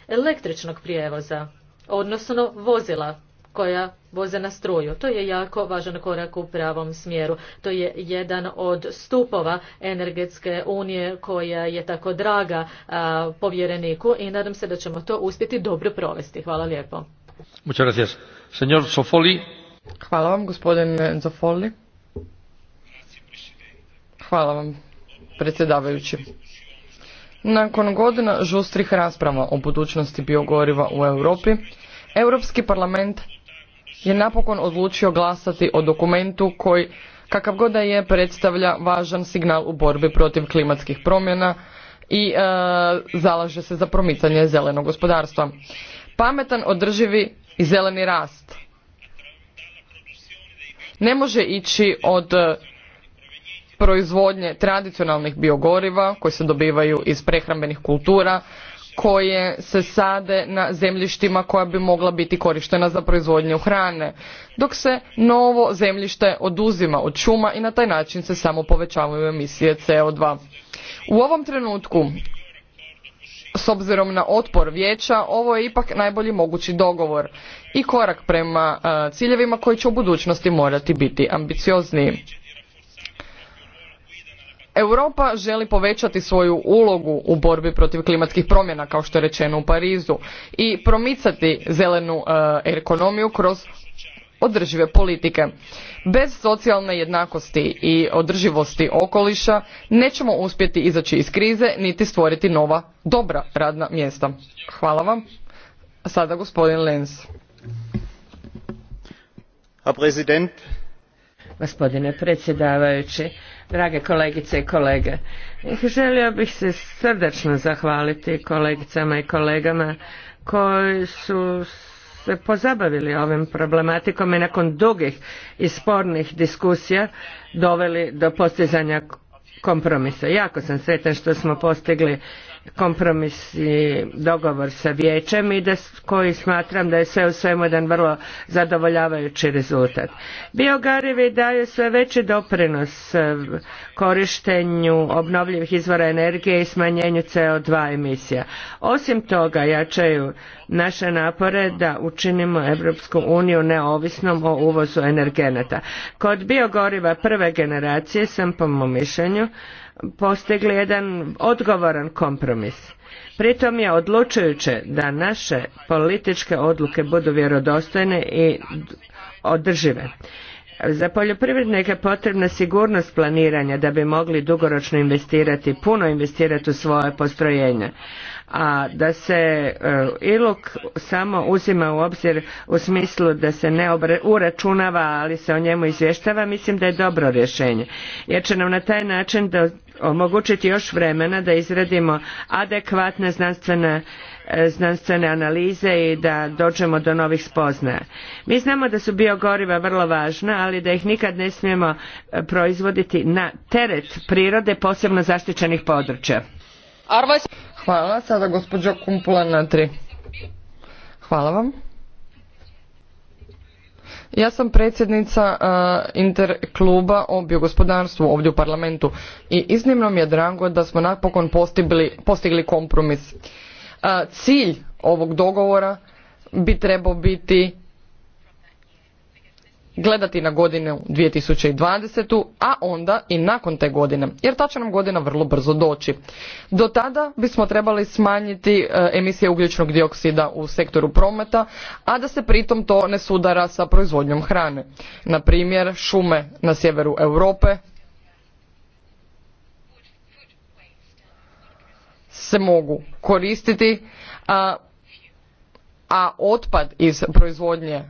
električnog prijevoza, odnosno vozila koja voze na struju. To je jako važan korak u pravom smjeru. To je jedan od stupova energetske unije koja je tako draga povjereniku i nadam se da ćemo to uspjeti dobro provesti. Hvala lijepo. Hvala vam, gospodin Zofoli. Hvala vam, predsjedavajući. Nakon godina žustrih rasprava o budućnosti biogoriva u Europi, Europski parlament je napokon odlučio glasati o dokumentu koji, kakav god da je, predstavlja važan signal u borbi protiv klimatskih promjena i e, zalaže se za promicanje zelenog gospodarstva. Pametan, održivi i zeleni rast ne može ići od e, proizvodnje tradicionalnih biogoriva koji se dobivaju iz prehrambenih kultura koje se sade na zemljištima koja bi mogla biti korištena za proizvodnju hrane, dok se novo zemljište oduzima od šuma i na taj način se samo povećavaju emisije CO2. U ovom trenutku, s obzirom na otpor vijeća, ovo je ipak najbolji mogući dogovor i korak prema ciljevima koji će u budućnosti morati biti ambiciozniji. Europa želi povećati svoju ulogu u borbi protiv klimatskih promjena kao što je rečeno u Parizu i promicati zelenu e, ekonomiju kroz održive politike. Bez socijalne jednakosti i održivosti okoliša nećemo uspjeti izaći iz krize niti stvoriti nova dobra radna mjesta. Hvala vam. Sada gospodin Lenz. Gospodine predsjedavajući, drage kolegice i kolege. Želio bih se srdačno zahvaliti kolegicama i kolegama koji su se pozabavili ovim problematikom i nakon dugih i spornih diskusija doveli do postizanja kompromisa. Jako sam sretan što smo postigli kompromisni dogovor sa vijećem i koji smatram da je sve u svemu jedan vrlo zadovoljavajući rezultat. Biogarivi daju sve veći doprinos e, korištenju obnovljivih izvora energije i smanjenju CO2 emisija. Osim toga jačaju naše napore da učinimo Europsku uniju neovisnom o uvozu energenata. Kod biogoriva prve generacije sam po mom mišljenju postigli jedan odgovoran kompromis. Pritom je odlučujuće da naše političke odluke budu vjerodostojne i održive. Za poljoprivrednike je potrebna sigurnost planiranja da bi mogli dugoročno investirati, puno investirati u svoje postrojenja a da se e, iluk samo uzima u obzir u smislu da se ne uračunava ali se o njemu izvještava mislim da je dobro rješenje jer će nam na taj način da omogućiti još vremena da izradimo adekvatne znanstvene e, znanstvene analize i da dođemo do novih spoznaja. Mi znamo da su biogoriva vrlo važna, ali da ih nikad ne smijemo e, proizvoditi na teret prirode, posebno zaštićenih područja. Hvala. Sada gospođa Kumpula na tri. Hvala vam. Ja sam predsjednica e, interkluba o biogospodarstvu ovdje u parlamentu i iznimno mi je drago da smo napokon postigli, kompromis. E, cilj ovog dogovora bi trebao biti gledati na godinu 2020. a onda i nakon te godine, jer ta će nam godina vrlo brzo doći. Do tada bismo trebali smanjiti e, emisije ugljičnog dioksida u sektoru prometa, a da se pritom to ne sudara sa proizvodnjom hrane. Na primjer, šume na sjeveru Europe se mogu koristiti, a, a otpad iz proizvodnje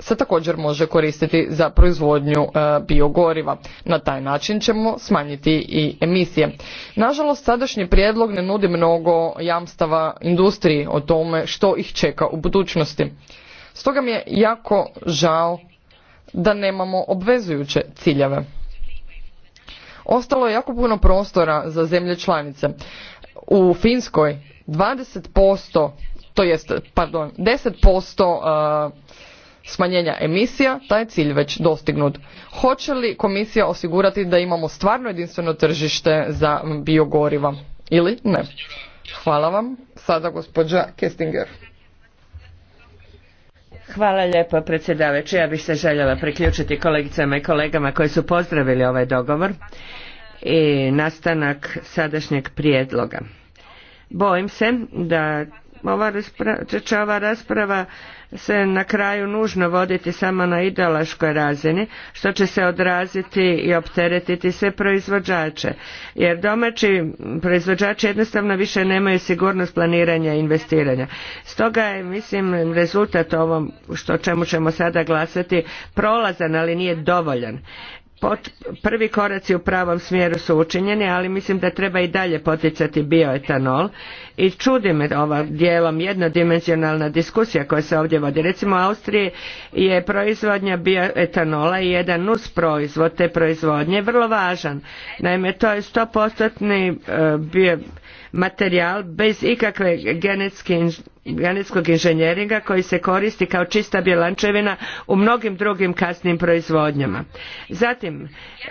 se također može koristiti za proizvodnju e, biogoriva. Na taj način ćemo smanjiti i emisije. Nažalost, sadašnji prijedlog ne nudi mnogo jamstava industriji o tome što ih čeka u budućnosti. Stoga mi je jako žao da nemamo obvezujuće ciljeve. Ostalo je jako puno prostora za zemlje članice. U Finskoj 20%, to jest, pardon, 10% uh, smanjenja emisija, taj je cilj već dostignut. Hoće li komisija osigurati da imamo stvarno jedinstveno tržište za biogoriva ili ne? Hvala vam. Sada gospođa Kestinger. Hvala lijepo predsjedavajući. Ja bih se željela priključiti kolegicama i kolegama koji su pozdravili ovaj dogovor i nastanak sadašnjeg prijedloga. Bojim se da ova rasprava, će ova rasprava se na kraju nužno voditi samo na ideološkoj razini, što će se odraziti i opteretiti sve proizvođače. Jer domaći proizvođači jednostavno više nemaju sigurnost planiranja i investiranja. Stoga je, mislim, rezultat ovom što čemu ćemo sada glasati prolazan, ali nije dovoljan. prvi koraci u pravom smjeru su učinjeni, ali mislim da treba i dalje poticati bioetanol i čudi me ova dijelom jednodimenzionalna diskusija koja se ovdje vodi. Recimo u Austriji je proizvodnja bioetanola i jedan nus proizvod te proizvodnje vrlo važan. Naime, to je 100% e, bio materijal bez ikakve genetskog inženjeringa koji se koristi kao čista bjelančevina u mnogim drugim kasnim proizvodnjama. Zatim,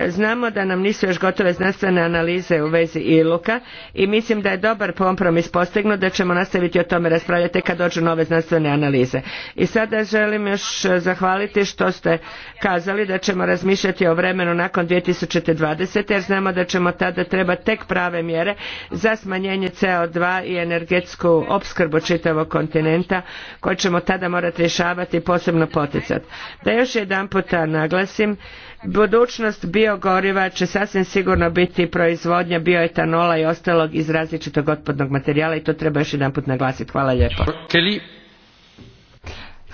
znamo da nam nisu još gotove znanstvene analize u vezi iluka i mislim da je dobar kompromis postignut, da ćemo nastaviti o tome raspravljati kad dođu nove znanstvene analize. I sada želim još e, zahvaliti što ste kazali da ćemo razmišljati o vremenu nakon 2020. jer znamo da ćemo tada treba tek prave mjere za smanjenje CO2 i energetsku opskrbu čitavog kontinenta koje ćemo tada morati rješavati i posebno poticati. Da još jedan puta naglasim Budućnost biogoriva će sasvim sigurno biti proizvodnja bioetanola i ostalog iz različitog otpadnog materijala i to treba još jedanput naglasiti. Hvala lijepo. Kelly.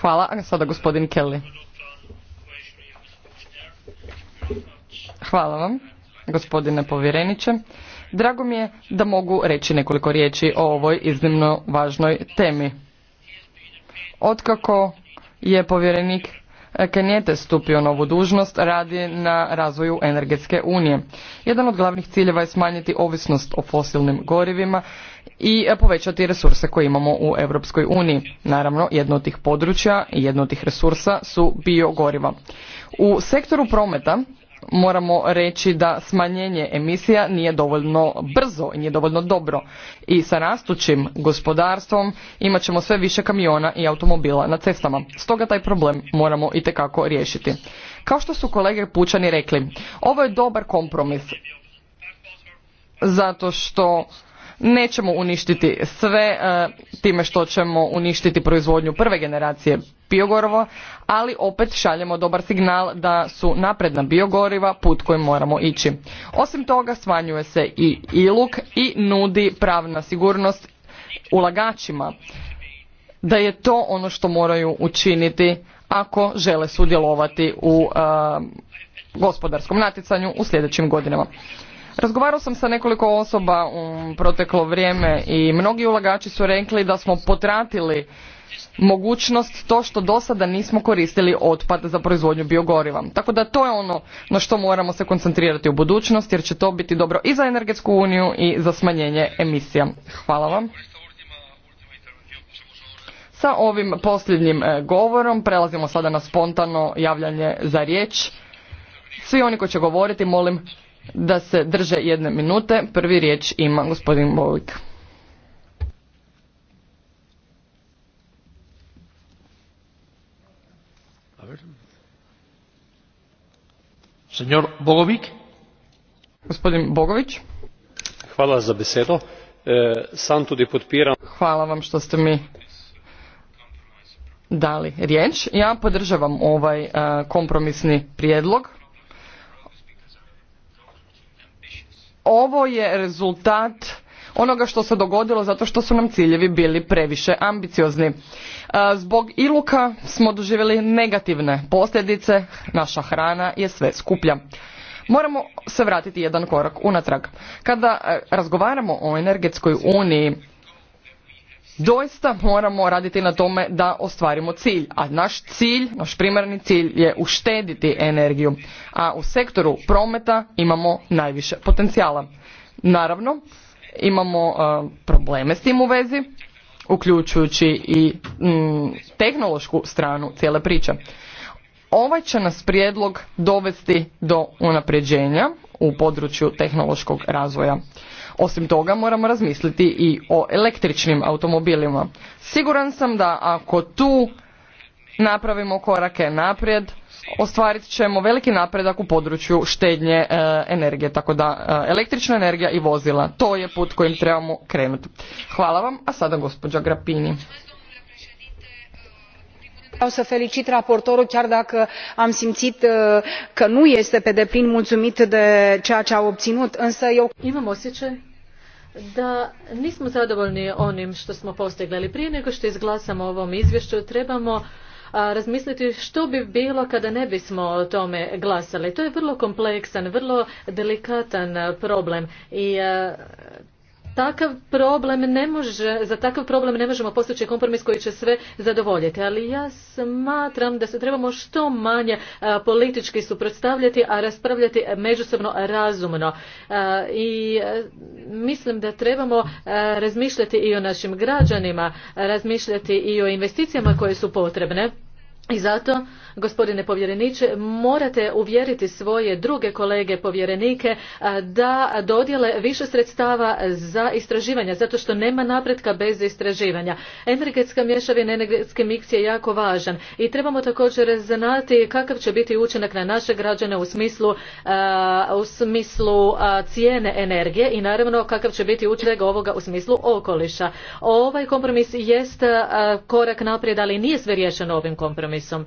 Hvala, sada gospodin Kelly. Hvala vam, gospodine povjereniče. Drago mi je da mogu reći nekoliko riječi o ovoj iznimno važnoj temi. Otkako je povjerenik Kenijete stupio na ovu dužnost radi na razvoju energetske unije. Jedan od glavnih ciljeva je smanjiti ovisnost o fosilnim gorivima i e, povećati resurse koje imamo u Europskoj uniji. Naravno, jedno od tih područja i jedno od tih resursa su biogoriva. U sektoru prometa moramo reći da smanjenje emisija nije dovoljno brzo i nije dovoljno dobro. I sa rastućim gospodarstvom imat ćemo sve više kamiona i automobila na cestama. Stoga taj problem moramo i tekako riješiti. Kao što su kolege Pučani rekli, ovo je dobar kompromis zato što nećemo uništiti sve e, time što ćemo uništiti proizvodnju prve generacije biogorivo, ali opet šaljemo dobar signal da su napredna biogoriva put kojim moramo ići. Osim toga smanjuje se i iluk i nudi pravna sigurnost ulagačima da je to ono što moraju učiniti ako žele sudjelovati u uh, gospodarskom natjecanju u sljedećim godinama. Razgovarao sam sa nekoliko osoba u proteklo vrijeme i mnogi ulagači su rekli da smo potratili mogućnost to što do sada nismo koristili otpad za proizvodnju biogoriva. Tako da to je ono na što moramo se koncentrirati u budućnosti jer će to biti dobro i za energetsku uniju i za smanjenje emisija. Hvala vam. Sa ovim posljednjim e, govorom prelazimo sada na spontano javljanje za riječ. Svi oni koji će govoriti molim da se drže jedne minute. Prvi riječ ima gospodin Bovik. Senjor Bogović. Gospodin Bogović. Hvala za besedo. E, sam tudi podpiram. Hvala vam što ste mi dali riječ. Ja podržavam ovaj e, kompromisni prijedlog. Ovo je rezultat onoga što se dogodilo zato što su nam ciljevi bili previše ambiciozni. E, zbog iluka smo doživjeli negativne posljedice, naša hrana je sve skuplja. Moramo se vratiti jedan korak unatrag. Kada e, razgovaramo o energetskoj uniji, doista moramo raditi na tome da ostvarimo cilj a naš cilj naš primarni cilj je uštediti energiju a u sektoru prometa imamo najviše potencijala naravno imamo e, probleme s tim u vezi uključujući i mm, tehnološku stranu cijele priče ovaj će nas prijedlog dovesti do unapređenja u području tehnološkog razvoja osim toga moramo razmisliti i o električnim automobilima siguran sam da ako tu napravimo korake naprijed ostvarit ćemo veliki napredak u području štednje e, energije, tako da e, električna energija i vozila. To je put kojim trebamo krenuti. Hvala vam, a sada gospođa Grapini. Vreau să felicit raportorul, chiar dacă am simțit e, că nu este pe deplin mulțumit de ceea ce a obținut, însă eu... Imam osjećaj da nismo zadovoljni onim što smo postigli, prije nego što izglasamo ovom izvješću trebamo razmisliti što bi bilo kada ne bismo o tome glasali. To je vrlo kompleksan, vrlo delikatan problem i takav problem ne može, za takav problem ne možemo postići kompromis koji će sve zadovoljiti. Ali ja smatram da se trebamo što manje politički suprotstavljati, a raspravljati međusobno razumno. I mislim da trebamo razmišljati i o našim građanima, razmišljati i o investicijama koje su potrebne. I zato Gospodine povjereniče, morate uvjeriti svoje druge kolege povjerenike da dodjele više sredstava za istraživanja, zato što nema napretka bez istraživanja. Energetska mješavina, energetski miks je jako važan i trebamo također znati kakav će biti učinak na naše građane u smislu, u smislu cijene energije i naravno kakav će biti učinak ovoga u smislu okoliša. Ovaj kompromis jest korak naprijed, ali nije sve riješeno ovim kompromisom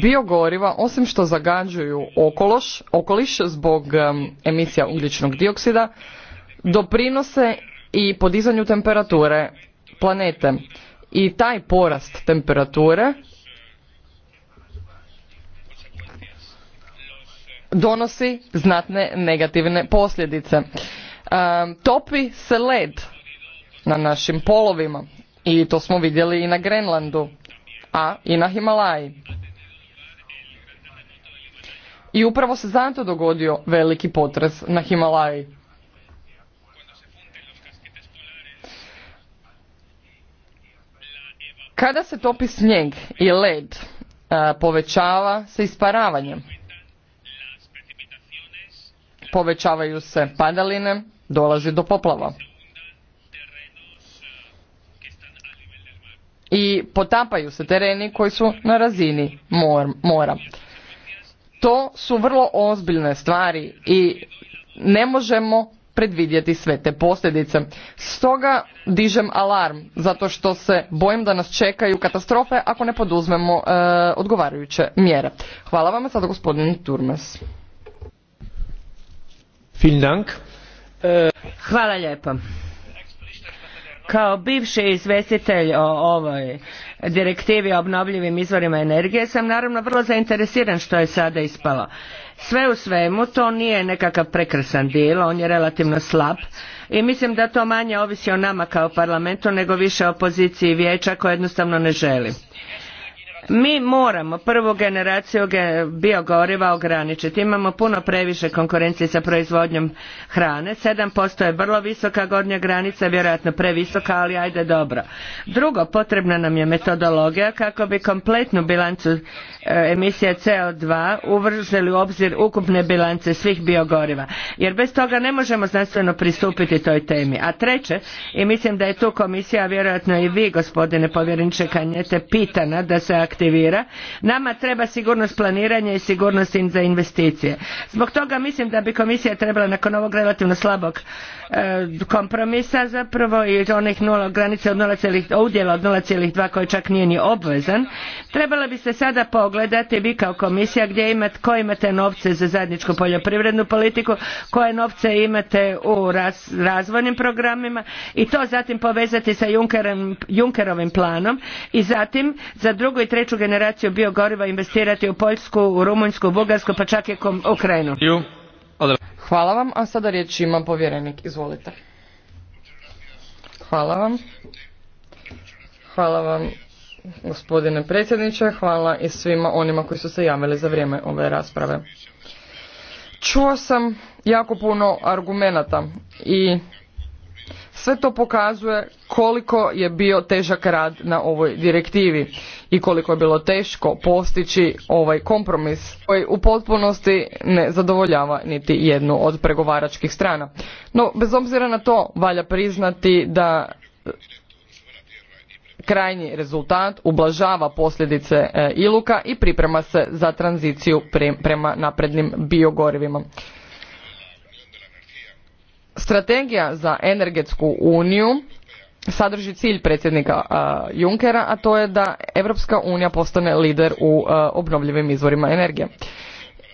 biogoriva osim što zagađuju okološ, okoliš zbog emisija ugljičnog dioksida doprinose i podizanju temperature planete i taj porast temperature donosi znatne negativne posljedice topi se led na našim polovima i to smo vidjeli i na Grenlandu, a i na Himalaji. I upravo se zato dogodio veliki potres na Himalaji. Kada se topi snijeg i led, e, povećava se isparavanje. Povećavaju se padaline, dolazi do poplava. I potapaju se tereni koji su na razini mora. To su vrlo ozbiljne stvari i ne možemo predvidjeti sve te posljedice. Stoga dižem alarm zato što se bojim da nas čekaju katastrofe ako ne poduzmemo e, odgovarajuće mjere. Hvala vam sada gospodin Turmes. E, Hvala lijepa. Kao bivši izvjestitelj o ovoj direktivi o obnovljivim izvorima energije sam naravno vrlo zainteresiran što je sada ispalo. Sve u svemu to nije nekakav prekrasan dil, on je relativno slab i mislim da to manje ovisi o nama kao parlamentu nego više o poziciji vijeća koje jednostavno ne želi. Mi moramo prvu generaciju biogoriva ograničiti. Imamo puno previše konkurencije sa proizvodnjom hrane. posto je vrlo visoka gornja granica, vjerojatno previsoka, ali ajde dobro. Drugo, potrebna nam je metodologija kako bi kompletnu bilancu e, emisije CO2 uvržili u obzir ukupne bilance svih biogoriva. Jer bez toga ne možemo znanstveno pristupiti toj temi. A treće, i mislim da je tu komisija, vjerojatno i vi gospodine povjereniče Kanjete, pitana da se aktivira aktivira. Nama treba sigurnost planiranja i sigurnost za investicije. Zbog toga mislim da bi komisija trebala nakon ovog relativno slabog E, kompromisa zapravo i onih nula, granica od udjela od 0,2 koji čak nije ni obvezan. Trebala bi se sada pogledati vi kao komisija gdje imate, koje imate novce za zajedničku poljoprivrednu politiku, koje novce imate u razvojnim programima i to zatim povezati sa Junckerovim planom i zatim za drugu i treću generaciju biogoriva investirati u Poljsku, u Rumunjsku, u Bugarsku pa čak i Ukrajinu. Hvala vam, a sada riječ ima povjerenik. Izvolite. Hvala vam. Hvala vam gospodine predsjedniče, hvala i svima onima koji su se javili za vrijeme ove rasprave. Čuo sam jako puno argumenata i sve to pokazuje koliko je bio težak rad na ovoj direktivi i koliko je bilo teško postići ovaj kompromis koji u potpunosti ne zadovoljava niti jednu od pregovaračkih strana. No, bez obzira na to, valja priznati da krajnji rezultat ublažava posljedice e, iluka i priprema se za tranziciju prema naprednim biogorivima. Strategija za energetsku uniju sadrži cilj predsjednika Junckera, a to je da Europska unija postane lider u obnovljivim izvorima energije.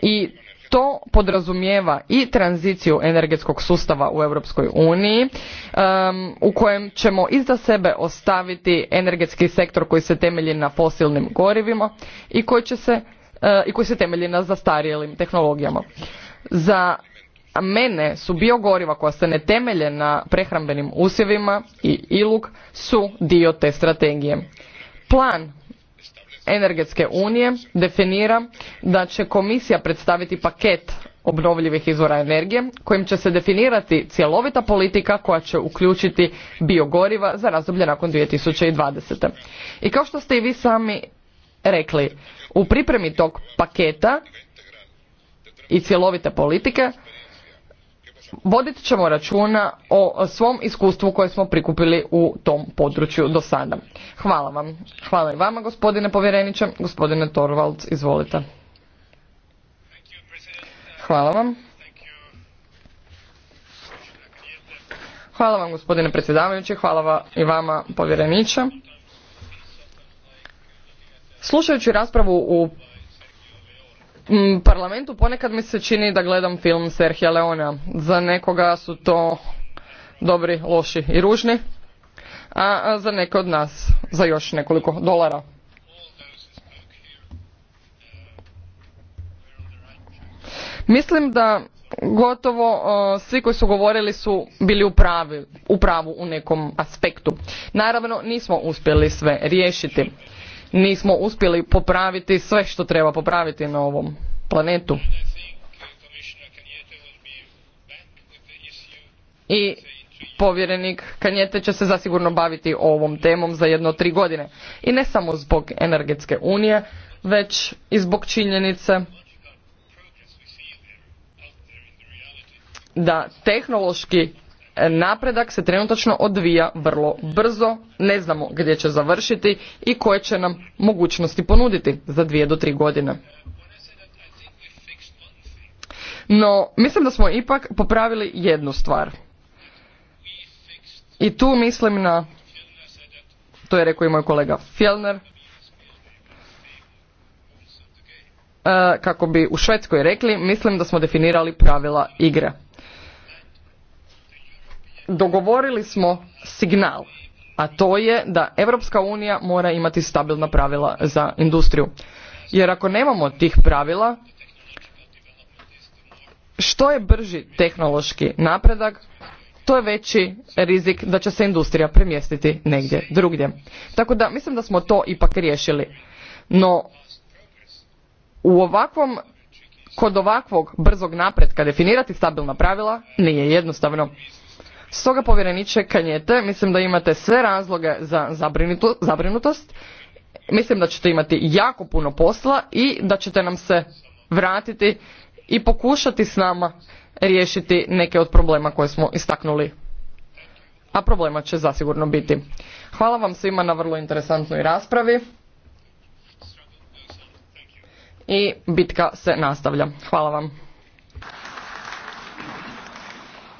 I to podrazumijeva i tranziciju energetskog sustava u Europskoj uniji um, u kojem ćemo iza sebe ostaviti energetski sektor koji se temelji na fosilnim gorivima i koji će se i koji se temelji na zastarjelim tehnologijama. Za mene su biogoriva koja se ne temelje na prehrambenim usjevima i iluk su dio te strategije. Plan energetske unije definira da će komisija predstaviti paket obnovljivih izvora energije kojim će se definirati cjelovita politika koja će uključiti biogoriva za razdoblje nakon 2020. I kao što ste i vi sami rekli, u pripremi tog paketa i cjelovite politike vodit ćemo računa o svom iskustvu koje smo prikupili u tom području do sada. Hvala vam. Hvala i vama gospodine povjereniče. Gospodine Torvalds, izvolite. Hvala vam. Hvala vam gospodine predsjedavajući, hvala i vama povjereniče. Slušajući raspravu u Mm, parlamentu ponekad mi se čini da gledam film Serhija Leona. Za nekoga su to dobri, loši i ružni, a za neke od nas za još nekoliko dolara. Mislim da gotovo svi koji su govorili su bili u, u pravu u nekom aspektu. Naravno nismo uspjeli sve riješiti nismo uspjeli popraviti sve što treba popraviti na ovom planetu. I povjerenik Kanjete će se zasigurno baviti ovom temom za jedno tri godine. I ne samo zbog energetske unije, već i zbog činjenice da tehnološki napredak se trenutačno odvija vrlo brzo, ne znamo gdje će završiti i koje će nam mogućnosti ponuditi za dvije do tri godine. No, mislim da smo ipak popravili jednu stvar. I tu mislim na, to je rekao i moj kolega Fjellner, e, kako bi u Švedskoj rekli, mislim da smo definirali pravila igre dogovorili smo signal, a to je da Europska unija mora imati stabilna pravila za industriju. Jer ako nemamo tih pravila, što je brži tehnološki napredak, to je veći rizik da će se industrija premjestiti negdje drugdje. Tako da mislim da smo to ipak riješili. No u ovakvom kod ovakvog brzog napretka definirati stabilna pravila nije jednostavno. Stoga povjereniče Kanjete, mislim da imate sve razloge za zabrinutost. Mislim da ćete imati jako puno posla i da ćete nam se vratiti i pokušati s nama riješiti neke od problema koje smo istaknuli. A problema će zasigurno biti. Hvala vam svima na vrlo interesantnoj raspravi. I bitka se nastavlja. Hvala vam.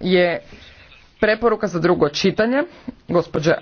je preporuka za drugo čitanje gospođa